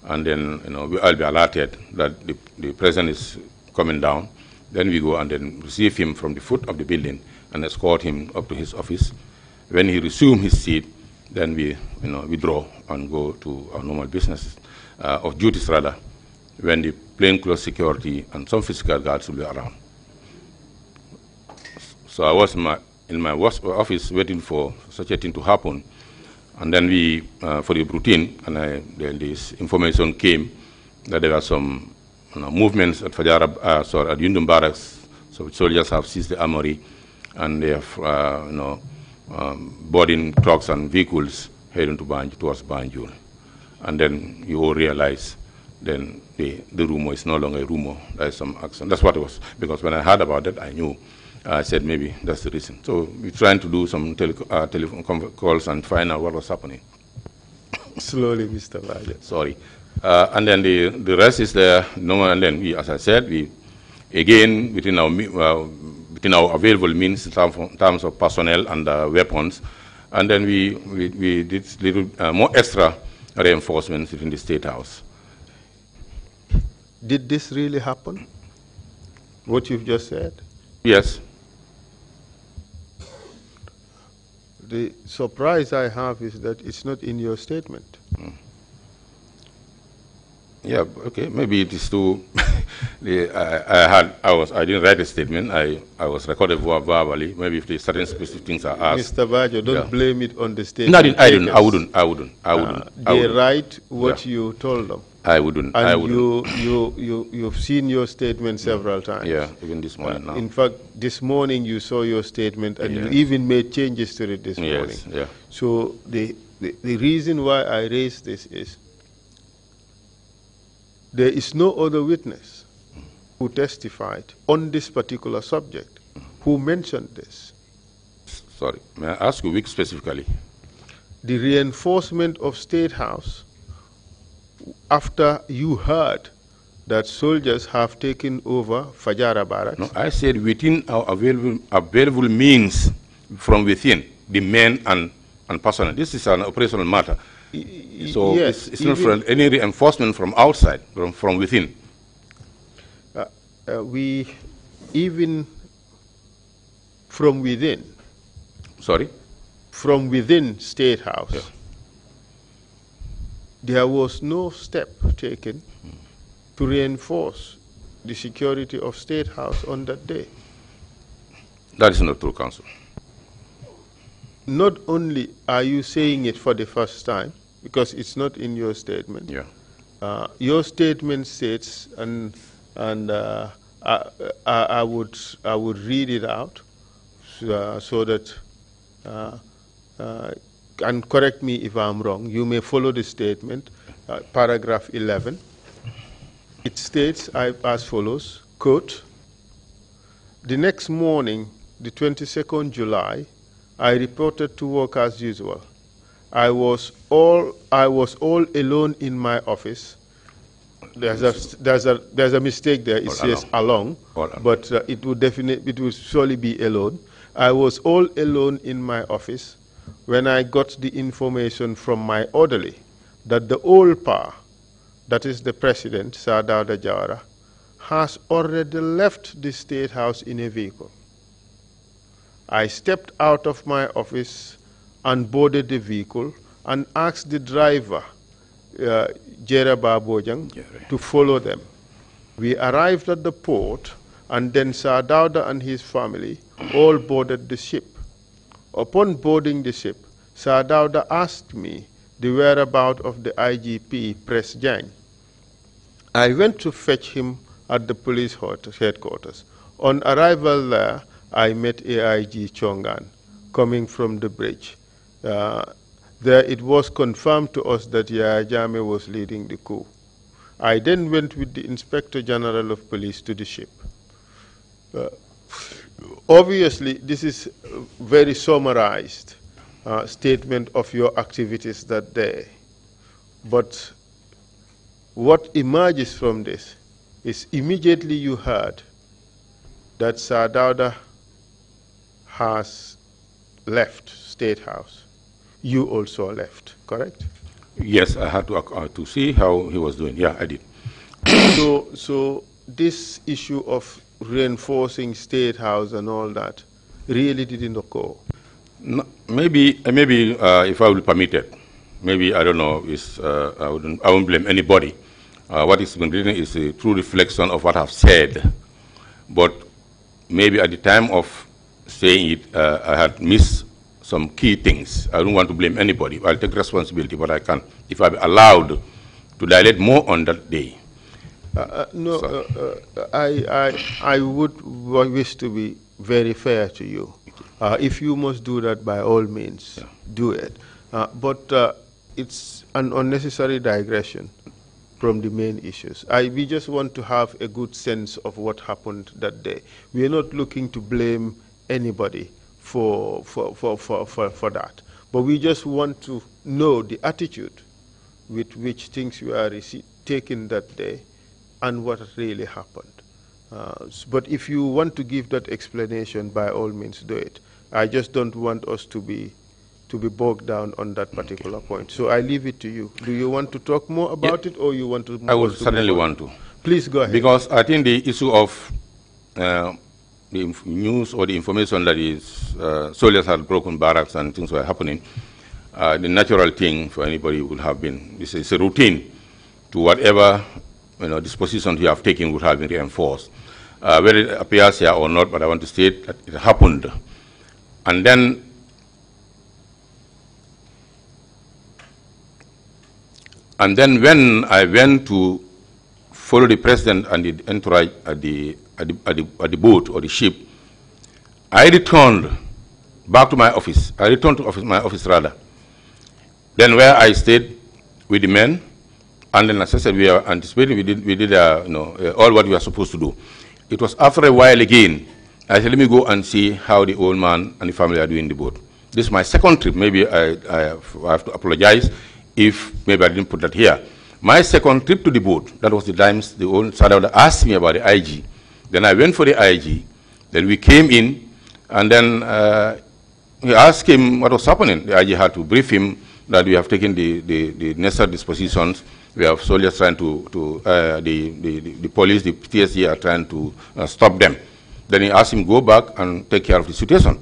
E: and then you know I'll be alerted that the, the president is coming down. Then we go and then receive him from the foot of the building and escort him up to his office. When he resumes his seat, then we you know withdraw and go to our normal business uh, of duties rather. When the plainclothes security and some physical guards will be around. So I was in my, in my office waiting for such a thing to happen and then we, uh, for the routine, and I, then this information came that there were some you know, movements at Fajar, uh, sorry, at Yundum Barracks. So soldiers have seized the armory, and they have, uh, you know, um, boarding trucks and vehicles heading to Banj, towards Banjul. And then you all realize then the, the rumor is no longer a rumor. There is some action. That's what it was. Because when I heard about it, I knew I said maybe that's the reason. So we're trying to do some tele uh, telephone calls and find out what was happening.
B: (coughs) Slowly, Mr. Vaja.
E: Sorry. Uh, and then the, the rest is the normal. And then we, as I said, we again within our uh, within our available means in terms of personnel and uh, weapons, and then we we, we did little uh, more extra reinforcements within the state house.
B: Did this really happen? What you've just said? Yes. the surprise I have is that it's not in your statement. Mm.
E: Yeah, okay, maybe it is too. (laughs) the, I, I, had, I was, I didn't write a statement. I, I was recorded verbally. Maybe if the certain specific things are asked. Mr. Bajo, don't yeah.
B: blame it on the statement. No, I, didn't, I, didn't, I wouldn't. I wouldn't. I uh, wouldn't. Uh, I wouldn't. They write what yeah. you told them. I wouldn't. And I wouldn't. You, you, you, you've seen your statement several times. Yeah, even this uh, morning now. In fact, this morning you saw your statement and you even made changes to it this yes, morning. Yeah. So the, the, the reason why I raise this is there is no other witness who testified on this particular subject who mentioned this. Sorry, may I ask you which specifically? The reinforcement of State House after you heard that soldiers have taken over Fajara barracks? No, I said within our available,
E: available means from within, the men and, and personnel. This is an operational matter. so yes, it's, it's not from any reinforcement from outside, from, from within.
B: Uh, uh, we, even from within. Sorry? From within State House. Yeah there was no step taken to reinforce the security of State House on that day. That is not true, Council. Not only are you saying it for the first time, because it's not in your statement. Yeah. Uh, your statement states, and and uh, I, I, I, would I would read it out, so, uh, so that uh, uh, and correct me if I'm wrong, you may follow the statement, uh, paragraph 11. It states I, as follows, quote, the next morning, the 22nd July, I reported to work as usual. I was all, I was all alone in my office. There's a, there's a, there's a mistake there. It all says along, along but uh, it would definitely, it would surely be alone. I was all alone in my office when I got the information from my orderly that the old power, that is the president, Sadada Dajara, has already left the State House in a vehicle. I stepped out of my office and boarded the vehicle and asked the driver, uh, Jera Babojang, to follow them. We arrived at the port and then Sadauda and his family all boarded the ship. Upon boarding the ship, Sadauda asked me the whereabout of the IGP, Press Jang. I went to fetch him at the police headquarters. On arrival there, I met AIG Chongan coming from the bridge. Uh, there it was confirmed to us that Yaya was leading the coup. I then went with the Inspector General of Police to the ship. Uh, obviously, this is very summarized uh, statement of your activities that day. But what emerges from this is immediately you heard that Sadauda has left State House. You also left, correct?
E: Yes, I had to, uh, to see how he was doing. Yeah, I did.
B: so, so this issue of reinforcing state house and all that really didn't occur?
E: No, maybe, uh, maybe uh, if I will permit it, maybe I don't know. uh, I wouldn't, I won't blame anybody. Uh, what is been written is a true reflection of what I've said, but maybe at the time of saying it, uh, I had missed some key things. I don't want to blame anybody. I'll take responsibility, but I can if I'm allowed to dilate more on that day.
B: Uh, uh, no, uh, uh, I, I, I would wish to be very fair to you. if you must do that, by all means, yeah. do it. but it's an unnecessary digression from the main issues. I, we just want to have a good sense of what happened that day. We are not looking to blame anybody for, for, for, for, for, for, that, but we just want to know the attitude with which things were taken that day and what really happened. Uh, but if you want to give that explanation, by all means, do it. I just don't want us to be to be bogged down on that particular okay. point. So I leave it to you. Do you want to talk more about yeah. it, or you want to? I would certainly want to. Please go ahead. Because
E: I think the issue of uh, the news or the information that is uh, soldiers had broken barracks and things were happening, uh, the natural thing for anybody would have been this is a routine to whatever you know, dispositions you have taken would have been reinforced. Uh, whether it appears here or not, but I want to state that it happened. And then and then when I went to follow the president and the entourage at the, at the, at the, at the boat or the ship, I returned back to my office. I returned to office, my office rather. Then where I stayed with the men, and then as I said, we are anticipating, we did, we did uh, you know, uh, all what we are supposed to do. It was after a while again, I said, let me go and see how the old man and the family are doing the boat. This is my second trip. Maybe I, I, I have to apologize if maybe I didn't put that here. My second trip to the boat, that was the times the old Sadawda asked me about the IG. Then I went for the IG. Then we came in, and then uh, asked him what was happening. The IG had to brief him that we have taken the, the, the necessary dispositions we have soldiers trying to, to uh, the, the, the, police, the TSE are trying to uh, stop them. Then he asked him, go back and take care of the situation.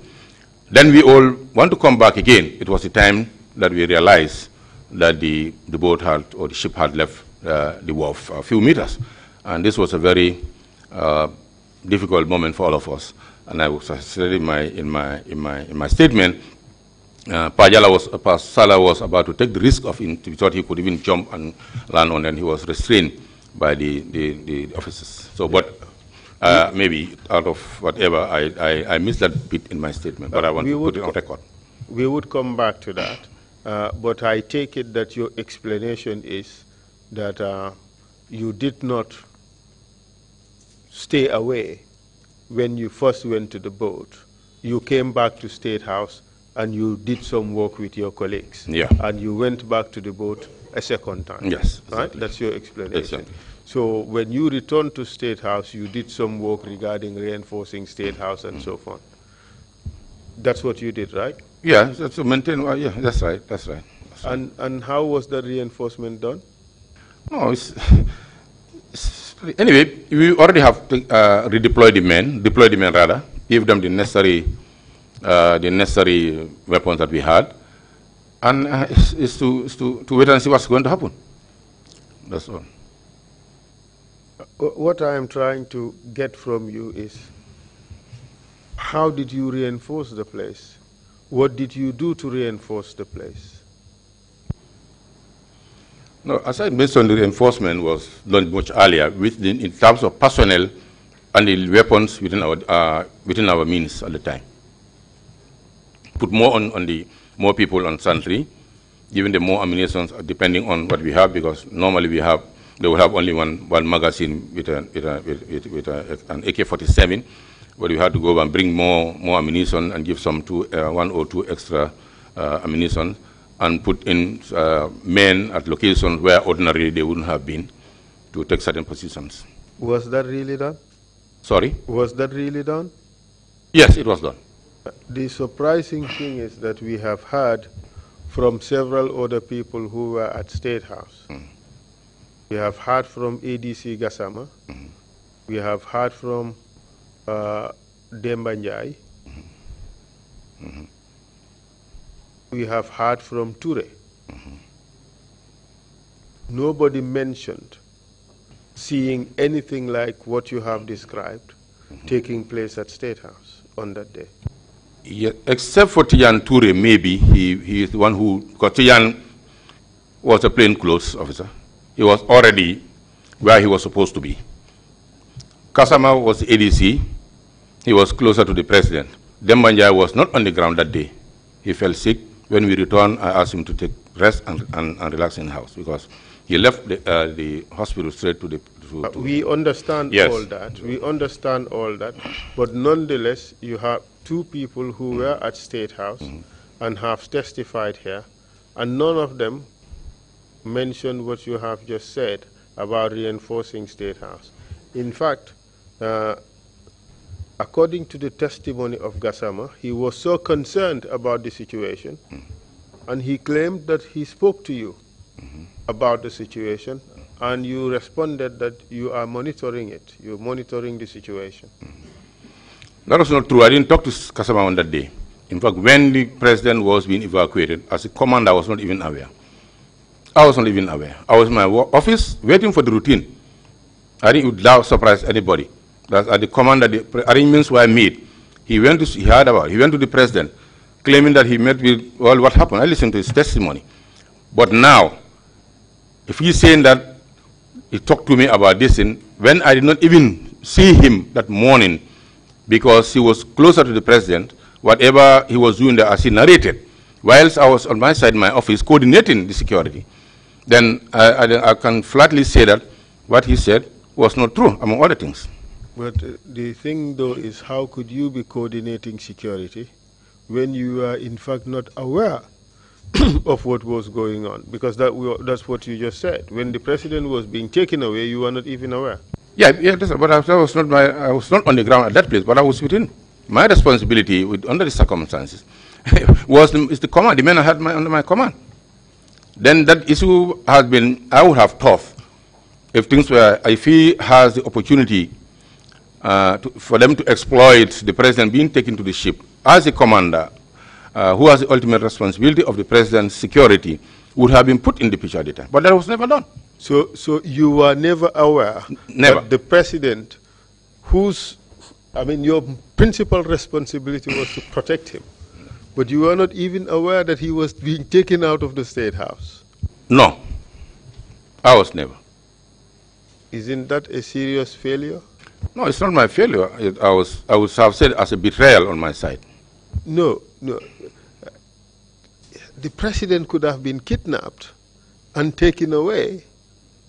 E: Then we all want to come back again. It was the time that we realized that the, the boat had, or the ship had left uh, the wharf a few meters. And this was a very uh, difficult moment for all of us. And I was said in my, in my, in my, in my statement uh, Pajala was, uh, was about to take the risk of, in, he thought he could even jump and land on, and he was restrained by the, the, the officers. So, but uh, maybe out of whatever, I, I, I, missed that bit in my statement, but I want we to put it on record.
B: We would come back to that, uh, but I take it that your explanation is that uh, you did not stay away when you first went to the boat. You came back to State House and you did some work with your colleagues. Yeah. And you went back to the boat a second time. Yes. Right? That's your explanation. Exactly. So when you returned to State House, you did some work regarding reinforcing State House and mm. so forth. That's what you did, right? Yeah, so to maintain, well, yeah, that's right, that's right. That's and, right. and how was that reinforcement done?
E: No, it's, it's anyway, we already have uh, redeployed the men, deployed the men rather, give them the necessary uh, the necessary weapons that we had, and uh, to, to, to wait and see what's going to happen. That's all.
B: What I am trying to get from you is how did you reinforce the place? What did you do to reinforce the place?
E: No, as I mentioned, the reinforcement was done much earlier within, in terms of personnel and the weapons within our, uh, within our means at the time put more on, on the more people on sentry, giving them more ammunition uh, depending on what we have, because normally we have, they will have only one, one magazine with, a, with, a, with, with a, an AK-47, but we had to go and bring more, more ammunition and give some two, uh, one or two extra uh, ammunition and put in uh, men at locations where ordinarily they wouldn't have been to take certain positions.
B: Was that really done? Sorry? Was that really done?
E: Yes, it was done.
B: The surprising thing is that we have heard from several other people who were at State House. Mm We have heard from ADC Gasama. Mm We have heard from uh, Mm -hmm. We have heard from Ture. Mm-hmm. Nobody mentioned seeing anything like what you have described mm-hmm. taking place at State House on that day
E: yeah, except for Tijan Toure, maybe, he, he is the one who, because Tijan was a plainclothes officer. He was already where he was supposed to be. Kasama was ADC. He was closer to the president. Dembanjai was not on the ground that day. He fell sick. When we returned, I asked him to take rest and, and, and relax in the house because he left the, uh, the hospital straight to the to, to we understand yes. all
B: that. We understand all that, but nonetheless, you have two people who were at State House and have testified here, and none of them mentioned what you have just said about reinforcing State House. In fact, uh, according to the testimony of Gassama, he was so concerned about the situation, and he claimed that he spoke to you about the situation, and you responded that you are monitoring it, you're monitoring the situation.
E: That was not true. I didn't talk to Kasama on that day. In fact, when the president was being evacuated, as a commander, I was not even aware. I was not even aware. I was in my office waiting for the routine. I didn't would not surprise anybody. That at the commander, the arrangements were made. He went to, he heard about, it. he went to the president, claiming that he met with, well, what happened? I listened to his testimony. But now, if he's saying that he talked to me about this, and when I did not even see him that morning, because he was closer to the president. Whatever he was doing there, as he narrated, whilst I was on my side in my office coordinating the security, then I, I, I can flatly say that what he said was not true, among other things.
B: But uh, the thing, though, is how could you be coordinating security when you are, in fact, not aware (coughs) of what was going on? Because that that's what you just said. When the president was being taken away, you were not even aware.
E: Yeah, yeah, but I was not my, I was not on the ground at that place, but I was within my responsibility with, under the circumstances. (laughs) was the, is the command the men I had my, under my command. Then that issue has been I would have tough if things were if he has the opportunity uh, to, for them to exploit the president being taken to the ship as a commander uh, who has the ultimate responsibility of the president's security would have been put in the picture at the time,
B: but that was never done. So, so you were never aware never. that the president, whose, I mean, your principal responsibility was to protect him, but you were not even aware that he was being taken out of the State House?
E: No, I was never.
B: Isn't that a serious failure?
E: No, it's not my failure. I, was, I would have said as a betrayal on my side.
B: No, no. The president could have been kidnapped and taken away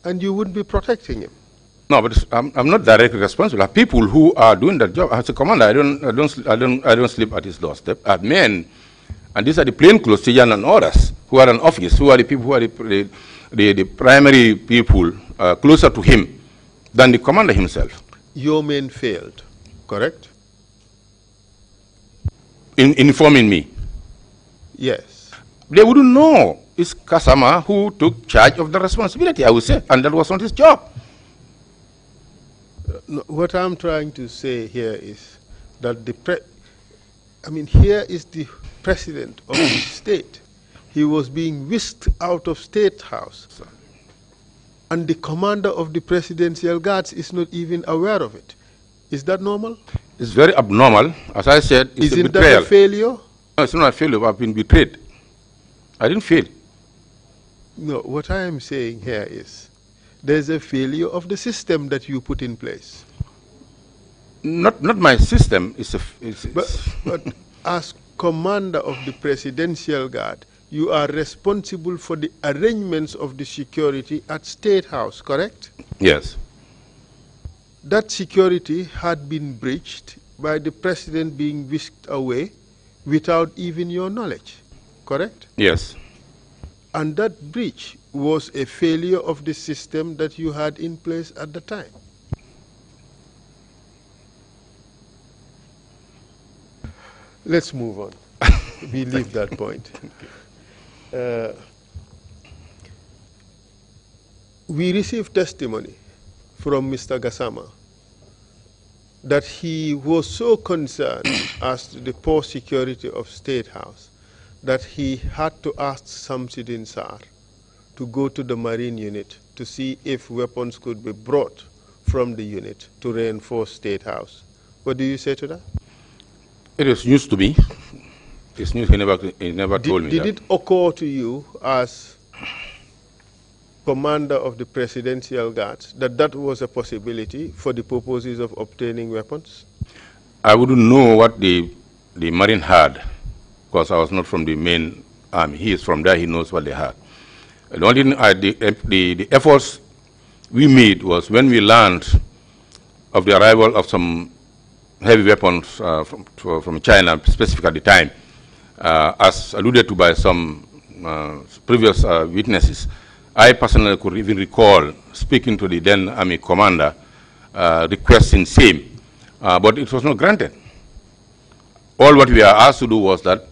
B: and you wouldn't be protecting him. No, but I'm,
E: I'm not directly responsible. People who are doing that job. As a commander, I don't, I don't, I don't, I don't sleep at his doorstep. At men, and these are the plainclothes civilians and others who are in office, who are the people who are the, the, the primary people uh, closer to him than the commander himself.
B: Your men failed, correct?
E: In informing me.
B: Yes. They wouldn't know it's Kasama
E: who took charge of the responsibility, I would say, and that was not his job.
B: Uh, no, what I'm trying to say here is that the pre I mean, here is the president of the (coughs) state. He was being whisked out of state house. And the commander of the presidential guards is not even aware of it. Is that normal?
E: It's very abnormal. As I said, it's Isn't a betrayal. that a failure? No, it's not a failure. I've been betrayed. I didn't fail.
B: No, what I am saying here is there's a failure of the system that you put in place. Not, not my system. It's a, it's, but, (laughs) but as commander of the presidential guard, you are responsible for the arrangements of the security at State House, correct? Yes. That security had been breached by the president being whisked away without even your knowledge, correct? Yes. And that breach was a failure of the system that you had in place at the time. Let's move on. (laughs) we leave that point. Uh, we received testimony from Mr. Gasama that he was so concerned (coughs) as to the poor security of State House that he had to ask Samsidin Sar to go to the Marine unit to see if weapons could be brought from the unit to reinforce State House. What do you say to that?
E: It is news to me. It's news. He never, he never did, told me Did that. it
B: occur to you as commander of the Presidential Guards that that was a possibility for the purposes of obtaining weapons?
E: I wouldn't know what the, the Marine had because I was not from the main army. He is from there, he knows what they had. The only thing I, the, the, the efforts we made was when we learned of the arrival of some heavy weapons uh, from, to, from China, specifically at the time, uh, as alluded to by some uh, previous uh, witnesses, I personally could even recall speaking to the then army commander, uh, requesting same, uh, but it was not granted. All what we are asked to do was that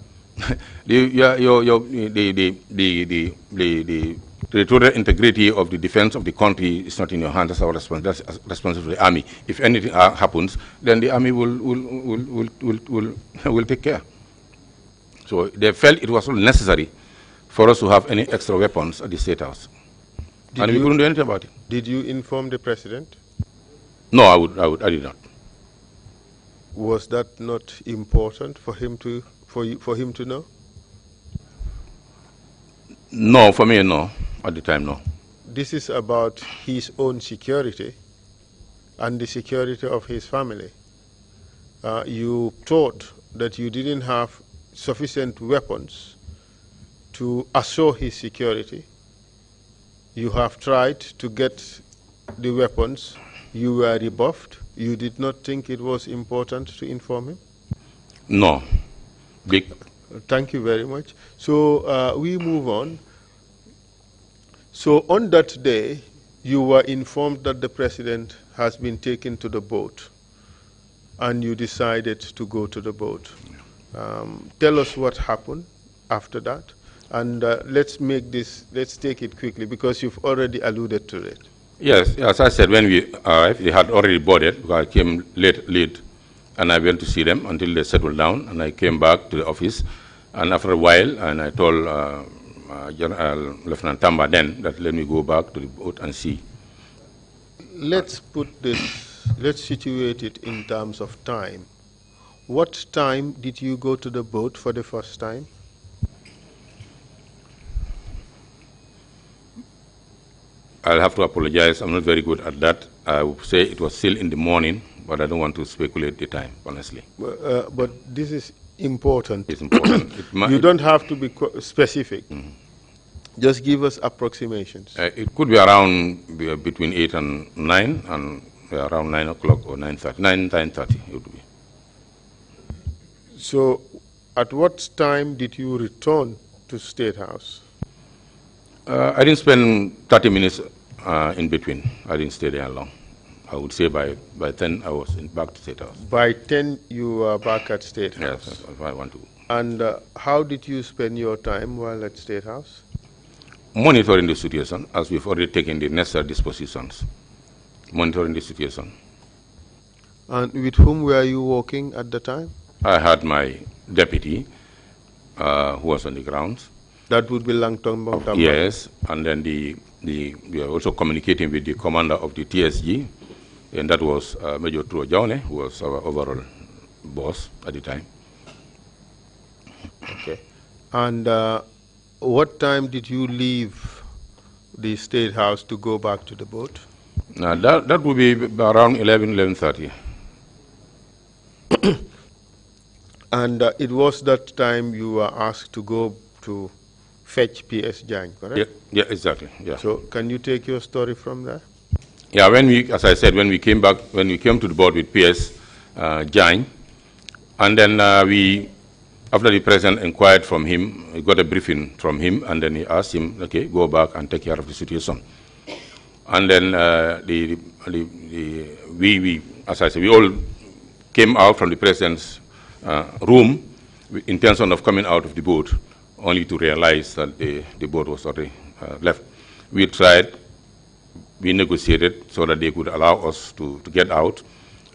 E: the, total integrity of the defense of the country is not in your hands. That's our responsibility of the army. If anything uh, happens, then the army will, will, will, will, will, will, (laughs) will take care. So they felt it was necessary for us to have any extra weapons at the State House. Did and we couldn't
B: do anything about it. Did you inform the president?
E: No, I would, I would, I did not.
B: Was that not important for him to for you, for him to know?
E: No, for me, no. At the time, no.
B: This is about his own security and the security of his family. Uh, you thought that you didn't have sufficient weapons to assure his security. You have tried to get the weapons. You were rebuffed. You did not think it was important to inform him? No, Thank you very much. So uh, we move on. So on that day, you were informed that the president has been taken to the boat, and you decided to go to the boat. Um, tell us what happened after that, and uh, let's make this. Let's take it quickly because you've already alluded to it. Yes, as I said,
E: when we arrived, uh, they had already boarded. I came late, late and I went to see them until they settled down, and I came back to the office. And after a while, and I told uh, uh, General, uh, Lieutenant Tamba then that let me go back to the boat and see.
B: Let's put this, let's situate it in terms of time. What time did you go to the boat for the first time?
E: I'll have to apologize. I'm not very good at that. I would say it was still in the morning but I don't want to speculate the time, honestly.
B: But, uh, but this is important. It's important. (coughs) it you don't have to be specific. Mm -hmm. Just give us approximations.
E: Uh, it could be around be, uh, between 8 and 9, and around 9 o'clock or 9.30. 9, 9.30 would be.
B: So at what time did you return to State House? Uh,
E: I didn't spend 30 minutes uh, in between. I didn't stay there long. I would say by, by 10 I was in, back to State House.
B: By 10 you were back at State House? Yes, if I want to. And uh, how did you spend your time while at State House?
E: Monitoring the situation, as we've already taken the necessary dispositions. Monitoring the situation.
B: And with whom were you working at the time?
E: I had my deputy, uh, who was on the grounds.
B: That would be Langtong Bong
E: Yes, and then the, the, we are also communicating with the commander of the TSG, and that was uh, Major Tuo Jaune, eh, who was our overall boss at the time.
B: Okay. And uh, what time did you leave the State House to go back to the boat? Now that, that would be around 11, 11.30. (coughs) and uh, it was that time you were asked to go to fetch P.S. Jang, correct? Yeah, yeah, exactly. Yeah. So can you take your story from there?
E: Yeah, when we, as I said, when we came back, when we came to the board with PS uh, Jain, and then uh, we, after the president inquired from him, we got a briefing from him, and then he asked him, okay, go back and take care of the situation. And then uh, the, the, the, we, we, as I said, we all came out from the president's uh, room with intention of coming out of the boat, only to realize that the, the boat was already uh, left. We tried we negotiated so that they could allow us to, to get out,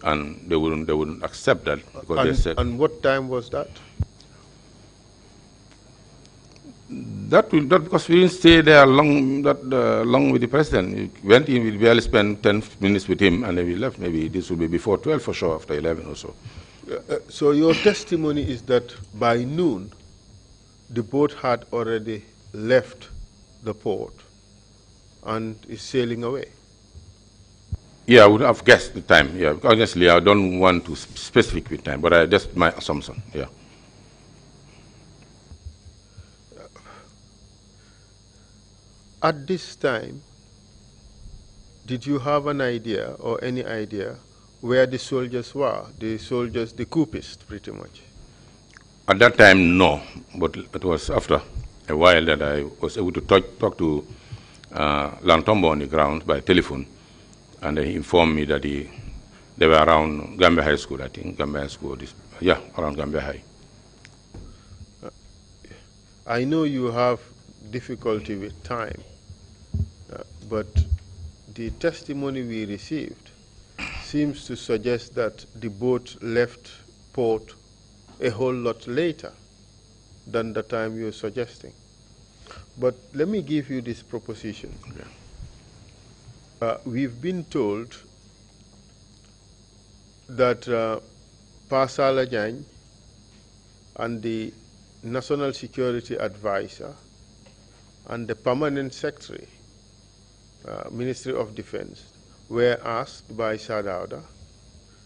E: and they wouldn't they wouldn't accept that because and, they said.
B: And what time was that?
E: That will that because we didn't stay there long that uh, long with the president. We went in, we barely spent ten minutes with him, and then we left. Maybe this will be before twelve for sure, after eleven or so.
B: Uh, uh so your testimony is that by noon, the boat had already left the port and is sailing away.
E: Yeah, I would have guessed the time. Yeah, honestly, I don't want to specific with time, but I, just my assumption. Yeah.
B: At this time, did you have an idea or any idea where the soldiers were? The soldiers, the coupists, pretty much.
E: At that time, no, but it was after a while that I was able to talk, talk to uh, Lantombo on the ground by telephone, and he informed me that he, they were around Gambia High School, I think, Gambia High School, this, yeah, around Gambia High.
B: Uh, I know you have difficulty with time, uh, but the testimony we received seems to suggest that the boat left port a whole lot later than the time you're suggesting. But let me give you this proposition. Uh, we've been told that uh, and the National Security Advisor and the Permanent Secretary, uh, Ministry of Defense, were asked by Sadauda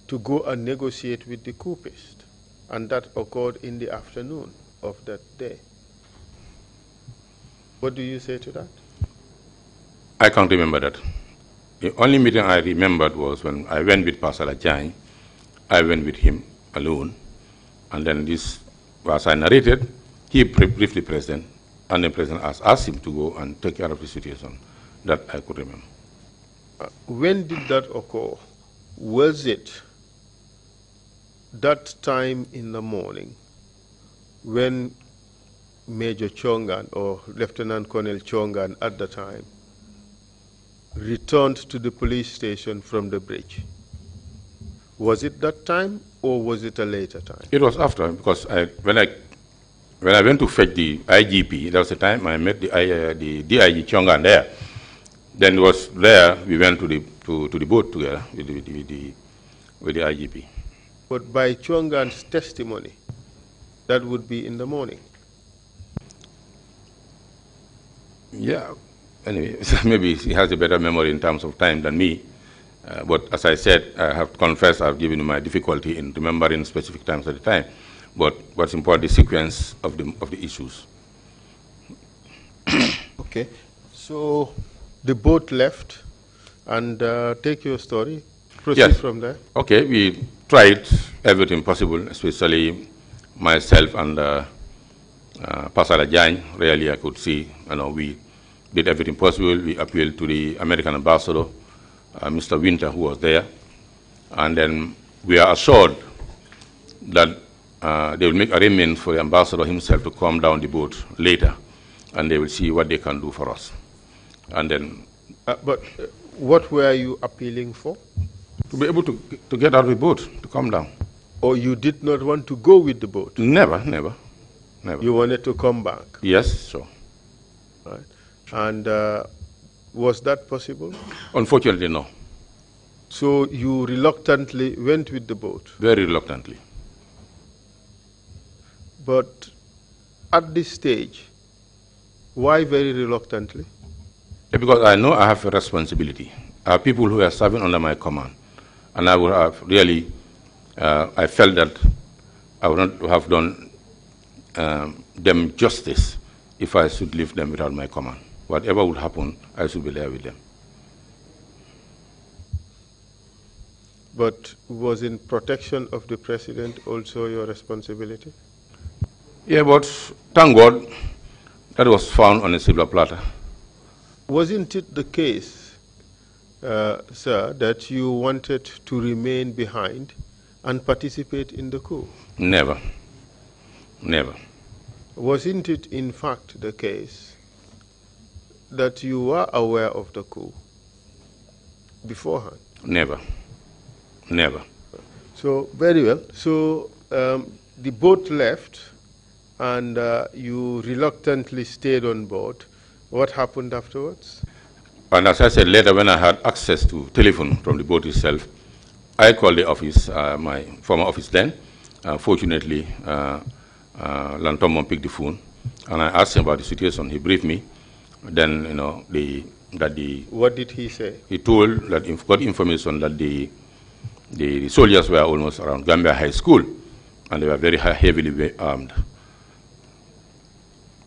B: to go and negotiate with the coupists. And that occurred in the afternoon of that day. What do you say to that?
E: I can't remember that. The only meeting I remembered was when I went with Pastor Ajay. I went with him alone. And then this, as I narrated, he briefly present, and the president asked, asked him to go and take care of the situation that I could remember.
B: Uh, when did that occur? Was it that time in the morning when Major Chongan or Lieutenant Colonel Chongan at the time returned to the police station from the bridge. Was it that time or was it a later time? It was
E: after because I, when I when I went to fetch the IGP, that was the time I met the, uh, the DIG Chongan there. Then it was there we went to the to, to the boat together with the, with, the, with the IGP.
B: But by Chongan's testimony, that would be in the morning. Yeah.
E: Anyway, (laughs) maybe he has a better memory in terms of time than me. Uh, but as I said, I have confessed I've given you my difficulty in remembering specific times at the time. But what's important is the sequence of the, of the issues.
B: (coughs) okay. So the boat left and uh, take your story. Proceed yes. from there.
E: Okay. We tried everything possible, especially myself and uh, uh, Pasala Jain. Really, I could see, you know, we did everything possible. We appealed to the American ambassador, uh, Mr. Winter, who was there. And then we are assured that uh, they will make arrangements for the ambassador himself to come down the boat later, and they will see what they can do for us.
B: And then. Uh, but uh, what were you appealing for? To be able to, to get out of the boat, to come down. Or you did not want to go with the boat? Never, never, never. You wanted to come back?
E: Yes, sure.
B: Right. And uh, was that possible?
E: Unfortunately, no.
B: So you reluctantly went with the boat?
E: Very reluctantly.
B: But at this stage, why very reluctantly?
E: Because I know I have a responsibility. I have people who are serving under my command. And I would have really, uh, I felt that I would not have done um, them justice if I should leave them without my command whatever will happen, I should be there with them.
B: But was in protection of the president also your responsibility?
E: Yeah, but thank God that was found on a silver platter.
B: Wasn't it the case, uh, sir, that you wanted to remain behind and participate in the coup?
E: Never. Never.
B: Wasn't it in fact the case that you were aware of the coup beforehand?
E: Never. Never.
B: So, very well. So, um, the boat left and uh, you reluctantly stayed on board. What happened afterwards?
E: And as I said later, when I had access to telephone from the boat itself, I called the office, uh, my former office then. Uh, fortunately, uh, uh Lantomon picked the phone and I asked him about the situation. He briefed me then, you know, the, that the... What did he say? He told that he got information that the, the, the soldiers were almost around Gambia High School, and they were very heavily armed.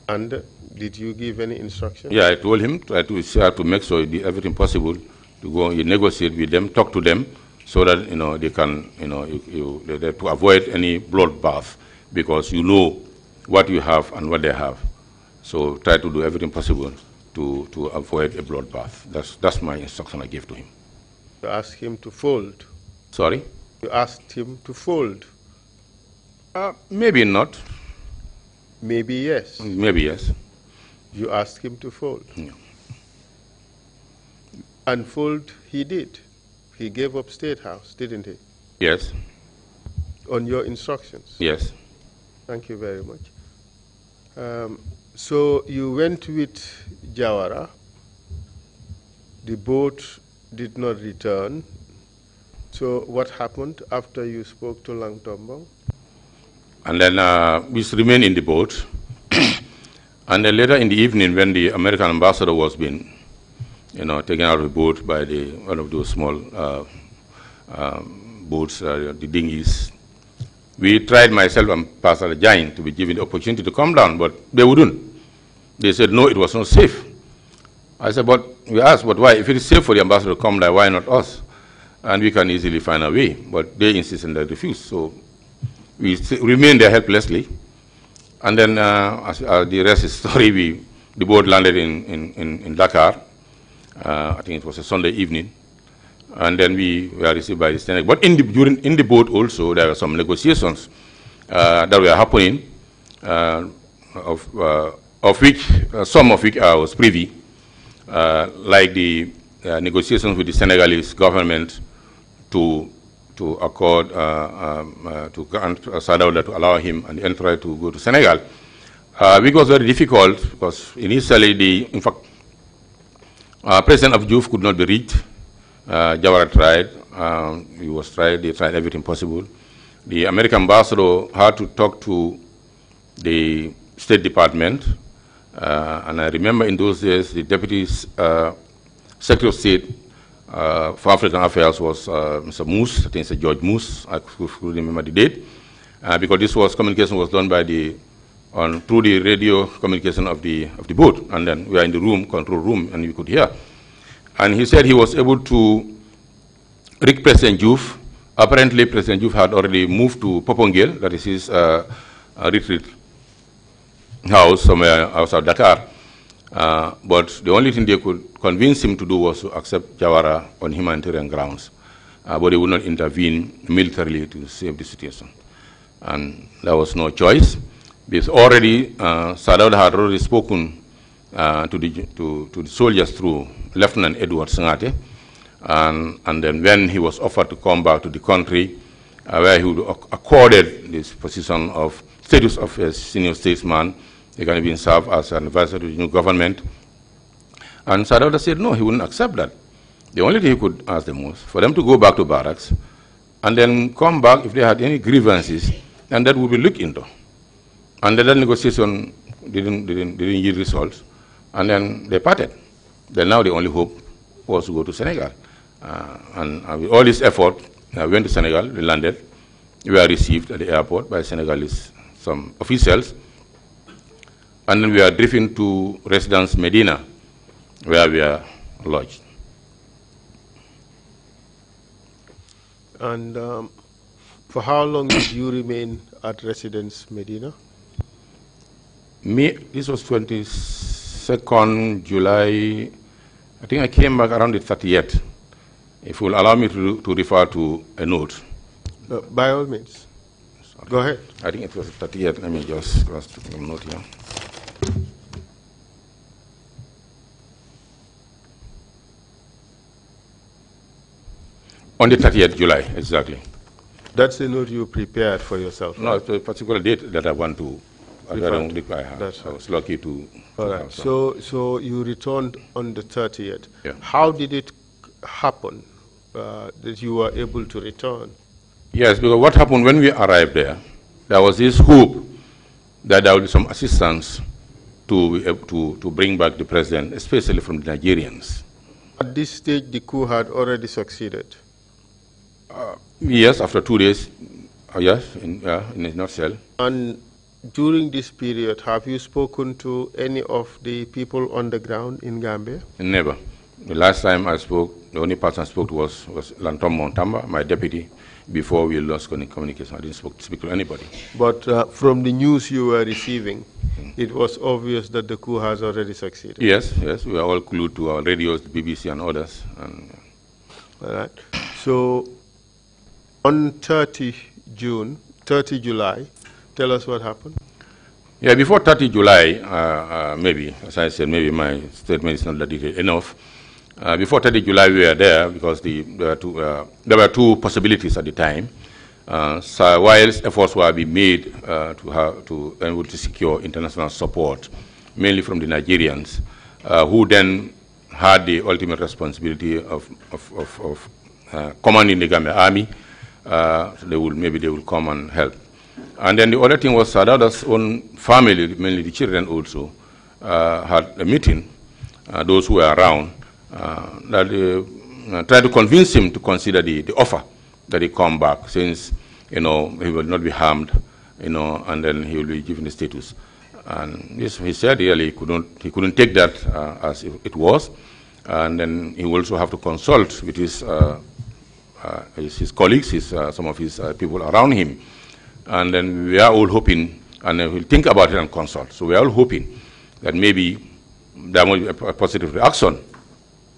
B: And did you give any instructions? Yeah, I
E: told him try to try to make sure did everything possible to go and negotiate with them, talk to them, so that you know they can you know you, you, they, they, to avoid any bloodbath because you know what you have and what they have. So try to do everything possible to, to avoid a bloodbath. That's, that's my instruction I gave to him.
B: You asked him to fold. Sorry? You asked him to fold. Uh, maybe not. Maybe yes. Maybe yes. You asked him to fold. Yeah. And fold he did. He gave up State House, didn't he? Yes. On your instructions? Yes. Thank you very much. Um, so you went with Jawara. The boat did not return. So what happened after you spoke to Lang Tombong?
E: And then uh, we remained in the boat. (coughs) and then later in the evening, when the American ambassador was being, you know, taken out of the boat by the one of those small uh, uh, boats, uh, the dinghies, we tried myself and Pastor Jain to be given the opportunity to come down, but they wouldn't. They said, no, it was not safe. I said, but we asked, but why? If it is safe for the ambassador to come, like, why not us? And we can easily find a way. But they insisted and they refused. So we remained there helplessly. And then uh, as, uh, the rest is (laughs) story. We, the boat landed in, in, in, in Dakar. Uh, I think it was a Sunday evening. And then we were received by the Senate. But in the, during, in the boat also, there were some negotiations uh, that were happening uh, of uh, of which, uh, some of which I was privy, uh, like the uh, negotiations with the Senegalese government to, to accord, uh, um, uh, to grant Sadauda to allow him and entry to go to Senegal, which was very difficult because initially the, in fact, President of Juf could not be reached. Jawara tried, um, he was tried, they tried everything possible the American ambassador had to talk to the State Department uh, and I remember in those days, the Deputy uh, Secretary of State uh, for African Affairs was uh, Mr. Moose, I think Mr. George Moose, I could remember the date, uh, because this was communication was done by the, on, through the radio communication of the, of the boat, and then we are in the room, control room, and you could hear. And he said he was able to reach President Juve. Apparently, President Juve had already moved to Popongil, that is his uh, retreat house somewhere outside Dakar. Uh, but the only thing they could convince him to do was to accept Jawara on humanitarian grounds. Uh, but they would not intervene militarily to save the situation. And there was no choice. Because already uh, Sadat had already spoken uh, to, the, to, to, the soldiers through Lieutenant Edward Singate. And, and then when he was offered to come back to the country, uh, where he would accorded this position of status of a senior statesman, they're going to be served as an advisor to the new government. And Sadauda said, no, he wouldn't accept that. The only thing he could ask them was for them to go back to barracks and then come back if they had any grievances, and that would be looked into. And that negotiation didn't, didn't, didn't yield results, and then they parted. Then now the only hope was to go to Senegal. Uh, and uh, with all this effort, I went to Senegal, we landed, we were received at the airport by Senegalese, some officials, and then we are driven to residence Medina, where we are lodged.
B: And um, for how long did you remain at residence Medina?
E: Me, this was 22nd July. I think I came back around the 30th. If you'll allow me to, to refer to a note.
B: Uh, by all means. Sorry.
E: Go ahead. I think it was 30th. Let me just, cross the note here. On the 30th July, exactly. That's the note you prepared for yourself. No, right? it's a particular date that I want to. I don't think I have. That's I was lucky to. All to right.
B: So, so you returned on the 30th. Yeah. How did it happen uh, that you were able to return?
E: Yes, because what happened when we arrived there, there was this hope that there would be some assistance to, uh, to, to bring back the president, especially from the Nigerians.
B: At this stage, the coup had already succeeded. Uh,
E: yes, after two days, uh, yes, in, uh, in a nutshell.
B: And during this period, have you spoken to any of the people on the ground in Gambia?
E: Never. The last time I spoke, the only person I spoke to was, was Lantom Montamba, my deputy, before we lost communication. I didn't speak, speak to anybody.
B: But uh, from the news you were receiving, it was obvious that the coup has already succeeded. Yes,
E: yes, we are all clued to our radios, BBC, and others.
B: And, uh. All right. So on 30 June, 30 July, tell us what happened.
E: Yeah, before 30 July, uh, uh maybe, as I said, maybe my statement is not that detailed enough. Uh, before 30 July, we were there because the, there, were two, uh, there were two possibilities at the time. Uh, so while efforts were being made uh, to, have, to, to secure international support, mainly from the Nigerians, uh, who then had the ultimate responsibility of, of, of, of uh, commanding the Gambia army, so they will, maybe they will come and help. And then the other thing was Sadada's own family, mainly the children also, had a meeting, those who were around, uh, that, uh, try to convince him to consider the, the offer that he come back since, you know, he will not be harmed, you know, and then he will be given the status. And this, he said really he couldn't, he couldn't take that uh, as it was. And then he will also have to consult with his, uh, uh, his, his, colleagues, his, uh, some of his uh, people around him. And then we are all hoping, and we'll think about it and consult. So we are all hoping that maybe there will be a positive reaction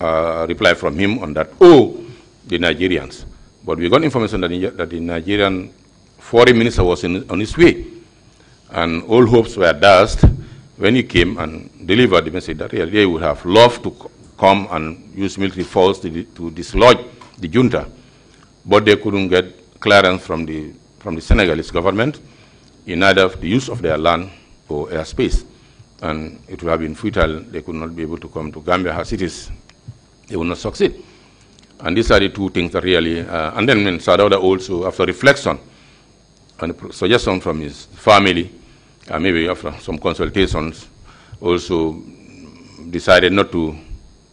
E: uh, reply from him on that. Oh, the Nigerians. But we got information that, that the Nigerian foreign minister was in, on his way. And all hopes were dashed when he came and delivered the message that they would have loved to come and use military force to, to dislodge the junta. But they couldn't get clearance from the, from the Senegalese government in either the use of their land or airspace. And it would have been futile. They could not be able to come to Gambia as it is they will not succeed. And these are the two things that really, uh, and then Mr. Sadauda also, after reflection and suggestion from his family, uh, maybe after some consultations, also decided not to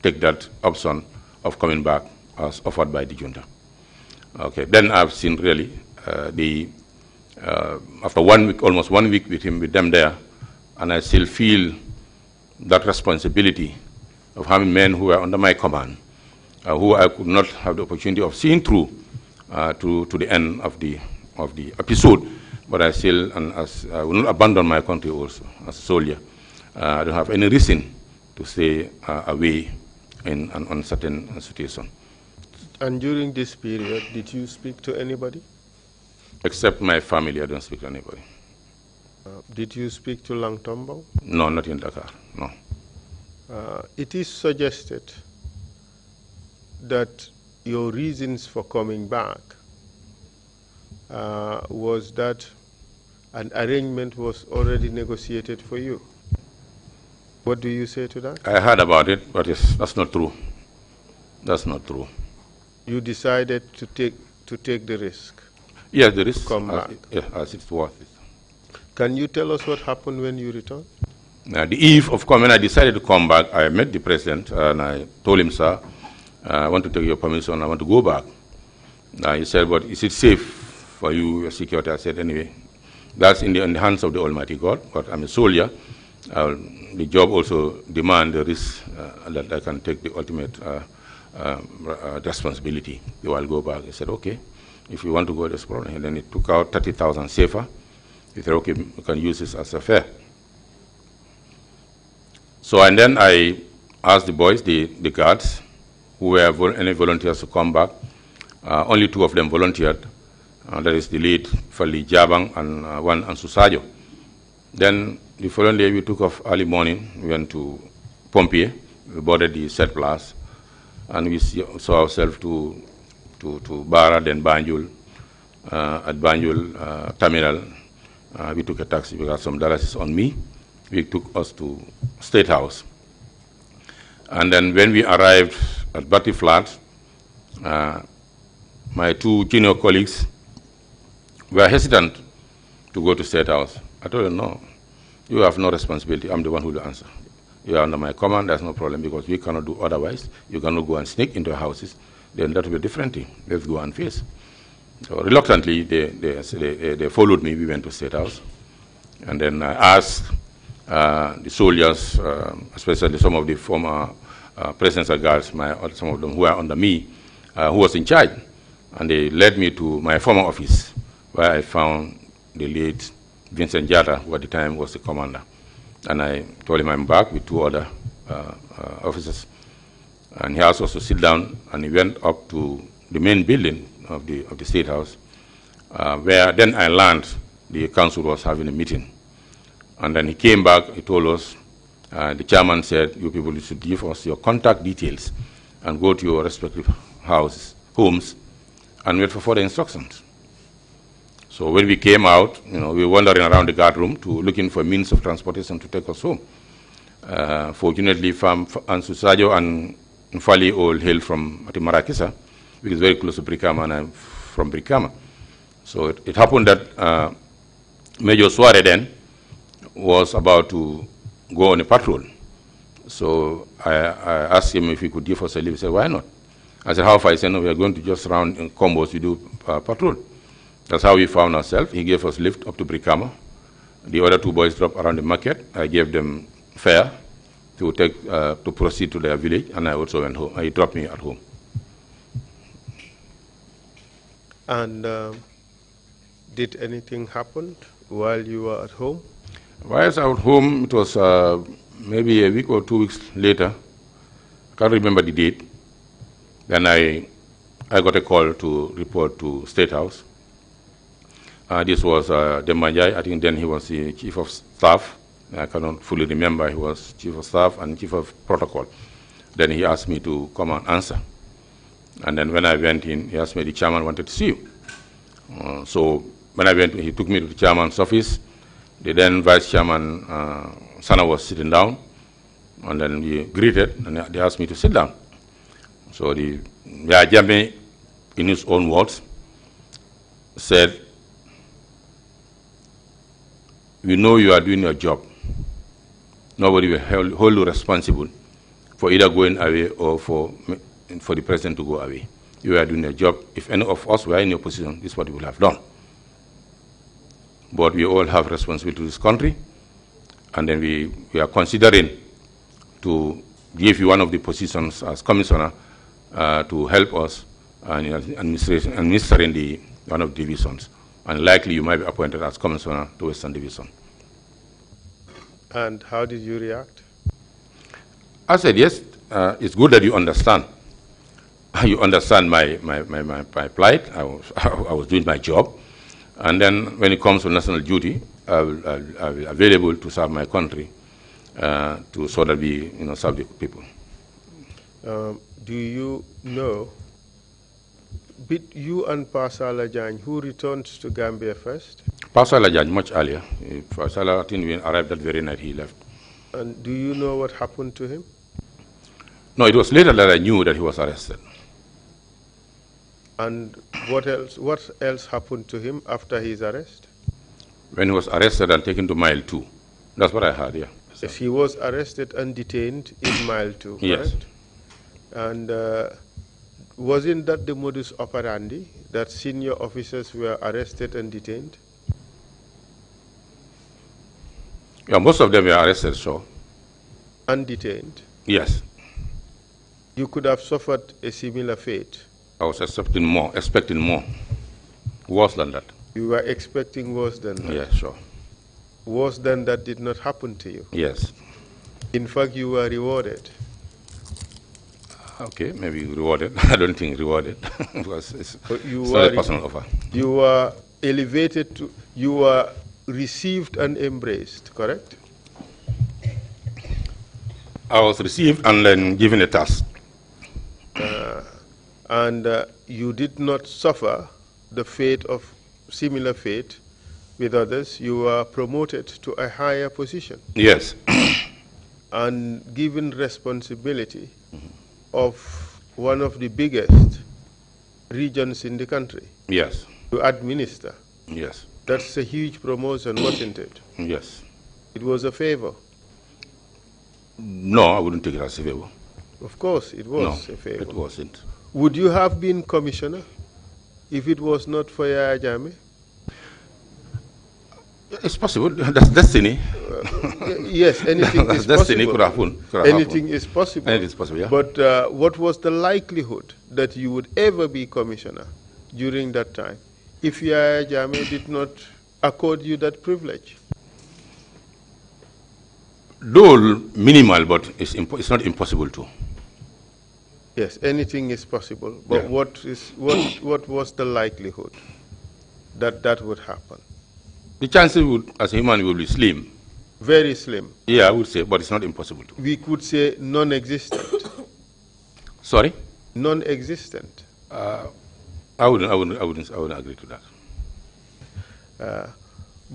E: take that option of coming back as offered by the junta. Okay, then I've seen really uh, the, uh, after one week, almost one week with him, with them there, and I still feel that responsibility of having men who were under my command, uh, who I could not have the opportunity of seeing through uh, to, to the end of the, of the episode. But I still, and as, I uh, will not abandon my country also as a soldier. Uh, I don't have any reason to stay uh, away in an uncertain situation.
B: And during this period, did you speak to anybody?
E: Except my family, I don't speak to anybody.
B: Uh, did you speak to Langtombo?
E: No, not in Dakar, no.
B: Uh, it is suggested that your reasons for coming back uh, was that an arrangement was already negotiated for you. What do you say to that? I heard about it, but
E: yes, that's not true. That's not true.
B: You decided to take to take the risk.
E: Yes, the risk. come as back. Yes, as it's worth it.
B: Can you tell us what happened when you returned?
E: Uh, the eve of when I decided to come back, I met the president uh, and I told him, sir, uh, I want to take your permission, I want to go back. Uh, he said, but is it safe for you, your security? I said, anyway, that's in the, in the hands of the Almighty God, but I'm a soldier. Uh, the job also demands the risk uh, that I can take the ultimate uh, responsibility. So I'll go back. He said, okay, if you want to go, there's problem. And then he took out 30,000 safer. He said, okay, we can use this as a fare. So, and then I asked the boys, the, the guards, who were vol any volunteers to come back. Uh, only two of them volunteered. Uh, that is the lead, Fali Jabang, and uh, one, and Susajo. Then the following day, we took off early morning. We went to Pompier. We boarded the set plus, and we saw ourselves to, to, to Bara, then Banjul. Uh, at Banjul uh, terminal, uh, we took a taxi because some dollars is on me he took us to State House. And then when we arrived at Batty Flat, uh, my two junior colleagues were hesitant to go to State House. I told them, no, you have no responsibility. I'm the one who will answer. You are under my command, there's no problem because we cannot do otherwise. You cannot go and sneak into houses. Then that will be different thing. Let's go and face. So reluctantly, they, they, they, they followed me. We went to State House. And then I asked uh, the soldiers, uh, especially some of the former uh, presidential guards, my, some of them who are under me, who was in charge. And they led me to my former office, where I found the late Vincent Yatta, who at the time was the commander. And I told him I'm back with two other uh, uh, officers. And he asked us to sit down, and he went up to the main building of the, of the State House, uh, where then I learned the council was having a meeting. And then he came back, he told us, uh, the chairman said, you people you should give us your contact details and go to your respective houses, homes, and wait for further instructions. So when we came out, you know, we were wandering around the guard room to looking for means of transportation to take us home. Uh, fortunately, Fam and Susajo and Mfali all hail from Marakisa, which is very close to Brikama, and I'm from Brikama. So it, it happened that uh, Major Suare then, was about to go on a patrol. So I, I asked him if he could give us a lift. He said, why not? I said, how far? He said, no, we are going to just round in combos, we do uh, patrol. That's how we found ourselves. He gave us lift up to Brikama. The other two boys dropped around the market. I gave them fare to take uh, to proceed to their village, and I also went home. He dropped me at home.
B: And uh, did anything happen while you were at home?
E: Whilst out home, it was uh, maybe a week or two weeks later, I can't remember the date, then I, I got a call to report to State House. Uh, this was uh, Demanjai, I think then he was the chief of staff. I cannot fully remember, he was chief of staff and chief of protocol. Then he asked me to come and answer. And then when I went in, he asked me, the chairman wanted to see you. Uh, so when I went, he took me to the chairman's office. The then vice chairman uh, Sana was sitting down, and then we greeted, and they asked me to sit down. So the Yajame, in his own words, said, "We know you are doing your job. Nobody will hold you responsible for either going away or for for the president to go away. You are doing your job. If any of us were in your position, this is what we would have done." but we all have responsibility to this country. And then we, we are considering to give you one of the positions as commissioner uh, to help us and administration, administering the one of the divisions. And likely you might be appointed as commissioner to Western Division.
B: And how did you react?
E: I said, yes, uh, it's good that you understand. (laughs) You understand my, my, my, my, my plight. I was, (laughs) I was doing my job. And then when it comes to national duty, I will, be available to serve my country uh, to so that we you know, serve the people.
B: Um, do you know, did you and Pasala Jan, who returned to Gambia first?
E: Pasala Jan much earlier. Pasala, I arrived that very night he left.
B: And do you know what happened to him?
E: No, it was later that I knew that he was arrested.
B: And what else, what else happened to him after his arrest?
E: When he was arrested and taken to mile two. That's what I heard, yeah.
B: So. If he was arrested and detained in mile two, correct? Yes. And uh, wasn't that the modus operandi, that senior officers were arrested and detained?
E: Yeah, most of them were arrested, so.
B: And detained? Yes. You could have suffered a similar fate.
E: I was expecting more, expecting more. Worse than that.
B: You were expecting worse than that? Yeah, sure. Worse than that did not happen to you? Yes. In fact, you were rewarded. Okay,
E: maybe rewarded. (laughs) I don't think rewarded (laughs) because it's, you it's were, not a personal offer.
B: You were elevated to, you were received and embraced, correct?
E: I was received and then given a task.
B: Uh, and uh, you did not suffer the fate of similar fate with others, you were promoted to a higher position. Yes. (coughs) and given responsibility of one of the biggest regions in the country. Yes. To administer. Yes. That's a huge promotion, wasn't it? Yes. It was a favor.
E: No, I wouldn't take it as a favor.
B: Of course, it was
E: no, a favor. It wasn't.
B: Would you have been commissioner if it was not for Yaya Jame?
E: It's possible. That's destiny.
B: Uh, yes, (laughs) anything is destiny possible. could happen. anything is possible. Anything is possible, yeah. But uh, what was the likelihood that you would ever be commissioner during that time if Yaya Jame did not accord you that privilege?
E: Though minimal, but it's, it's not impossible to.
B: Yes, anything is possible. But yeah. what is what what was the likelihood that that would happen?
E: The chances would, as a human, will be slim.
B: Very slim.
E: Yeah, I would say, but it's not impossible. To.
B: We could say non-existent.
E: (coughs) Sorry.
B: Non-existent. Uh,
E: I wouldn't. I wouldn't. I wouldn't. I wouldn't agree
B: to that. Uh,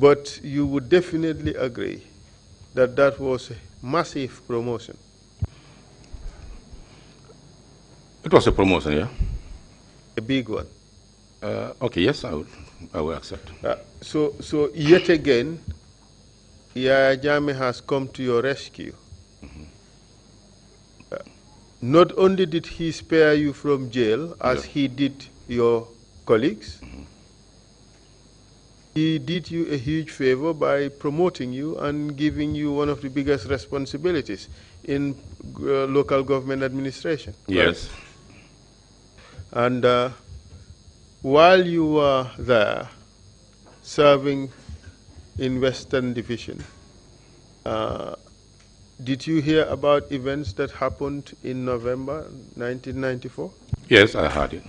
B: but you would definitely agree that that was a massive promotion.
E: It was a promotion, yeah?
B: A big one. Uh, okay, yes, I would, I will accept. Uh, so, so yet again, Yaya Jame has come to your rescue. Mm -hmm. uh, not only did he spare you from jail, as yeah. he did your colleagues, mm-hmm. he did you a huge favor by promoting you and giving you one of the biggest responsibilities in uh, local government administration. Yes. And uh, while you were there serving in Western Division, uh, did you hear about events that happened in November 1994?
E: Yes, I heard it.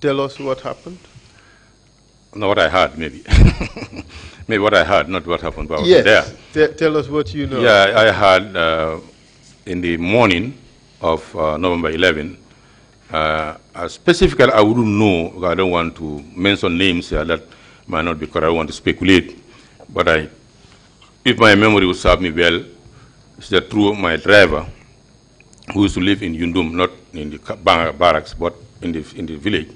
B: Tell us what happened.
E: No, what I heard, maybe. (laughs) maybe what I heard, not what happened, but yes. there. T tell us what you know. Yeah, I, I heard uh, in the morning of uh, November 11, uh, uh, specifically, I wouldn't know. I don't want to mention names uh, that might not be correct. I want to speculate. But I, if my memory will serve me well, it's that through my driver, who used to live in Yundum, not in the bar barracks, but in the, in the village,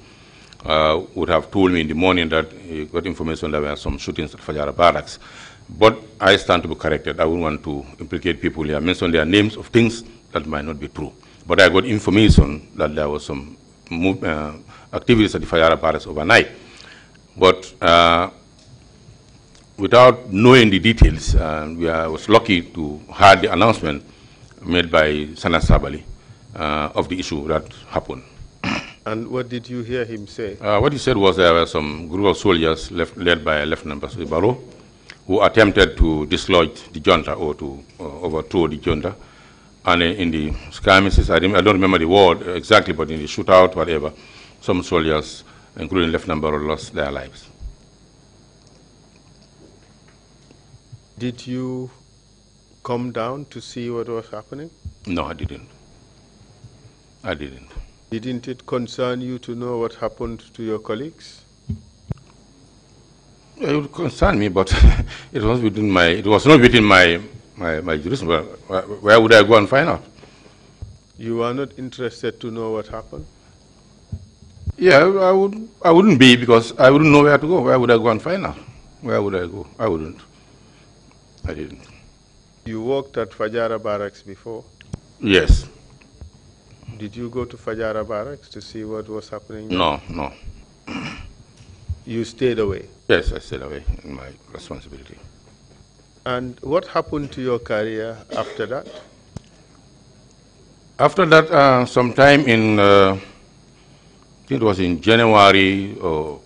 E: uh, would have told me in the morning that he got information that there were some shootings at Fajara barracks. But I stand to be corrected. I wouldn't want to implicate people here. I mentioned their names of things that might not be true. But I got information that there was some move, uh, activities at the Fajara Palace overnight. But uh, without knowing the details, uh, we are, I was lucky to have the announcement made by Sana Sabali uh, of the issue that happened.
B: (coughs) And what did you hear him say? Uh, what
E: he said was there were some group of soldiers left, led by Lieutenant Basri who attempted to dislodge the junta or to uh, overthrow the junta and in the skirmishes, I, don't remember the word exactly, but in the shootout, whatever, some soldiers, including Lieutenant Barrow, lost their lives.
B: Did you come down to see what was happening? No, I didn't. I didn't. Didn't it concern you to know what happened to your colleagues?
E: It would concern me, but (laughs) it was within my it was not within my my, my jurisdiction. where, where would I go and find out?
B: You are not interested to know what happened?
E: Yeah, I, would, I wouldn't be because I wouldn't know where to go. Where would I go and find out? Where would I go? I wouldn't.
B: I didn't. You worked at Fajara Barracks before? Yes. Did you go to Fajara Barracks to see what was happening? There? No,
E: no. you stayed away? Yes, I stayed away in my responsibility.
B: And what happened to your career after that?
E: After that, uh, sometime in, uh, it was in January, or,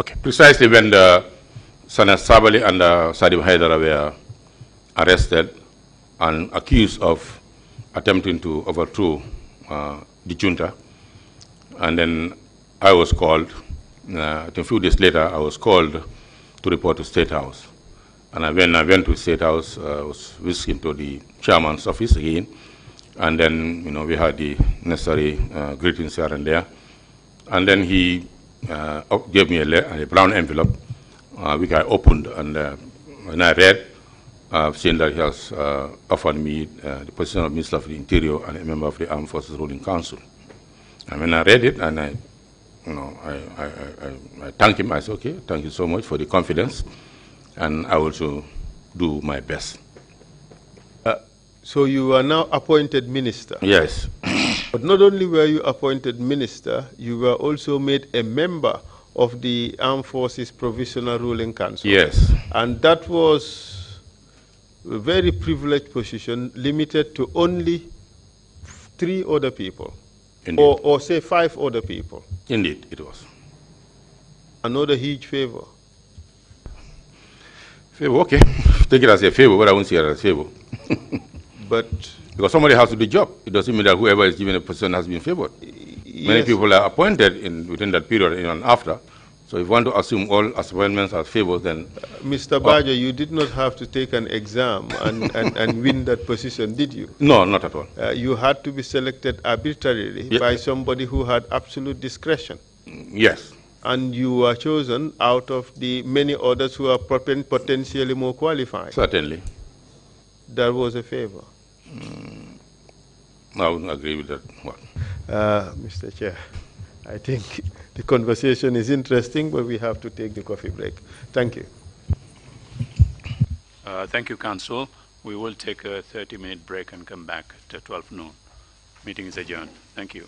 E: okay, precisely when the Sana Sabali and uh, Sadim Haidara were arrested and accused of attempting to overthrow uh, the junta. And then I was called uh, a few days later, I was called to report to State House. And when I went to State House, uh, I was whisked into the chairman's office again. And then, you know, we had the necessary uh, greetings here and there. And then he uh, gave me a, a brown envelope, uh, which I opened. And uh, when I read, I've seen that he has uh, offered me the position of Minister of the Interior and a member of the Armed Forces Ruling Council. And when I read it, and I no, I, I, I, I thank him. I say, okay, thank you so much for the confidence, and I also do my best.
B: Uh, so you are now appointed minister. Yes. but not only were you appointed minister, you were also made a member of the Armed Forces Provisional Ruling Council. Yes. And that was a very privileged position, limited to only three other people. Indeed. Or, or say five other people. Indeed, it was. Another huge favor. Favor,
E: okay. (laughs) Take it as a favor, but I won't see it as a favor. (laughs) but. Because somebody has to do the job. It doesn't mean that whoever is given a position has been favored. Yes. Many people are appointed in, within that period and after so if you want to assume all appointments as favors, then... Uh,
B: Mr. Uh, Bajo, you did not have to take an exam and, (laughs) and, and win that position, did you? No, not at all. Uh, you had to be selected arbitrarily by somebody who had absolute discretion.
E: Yes.
B: And you were chosen out of the many others who are potentially more qualified. Certainly. That was a favor. Mm,
E: I wouldn't agree with that one.
B: Uh, Mr. Chair, I think the conversation is interesting, but we have to take the coffee break. Thank you.
E: Uh, thank you, Council. We will take a 30-minute break and come back at 12 noon. Meeting is adjourned. Thank you.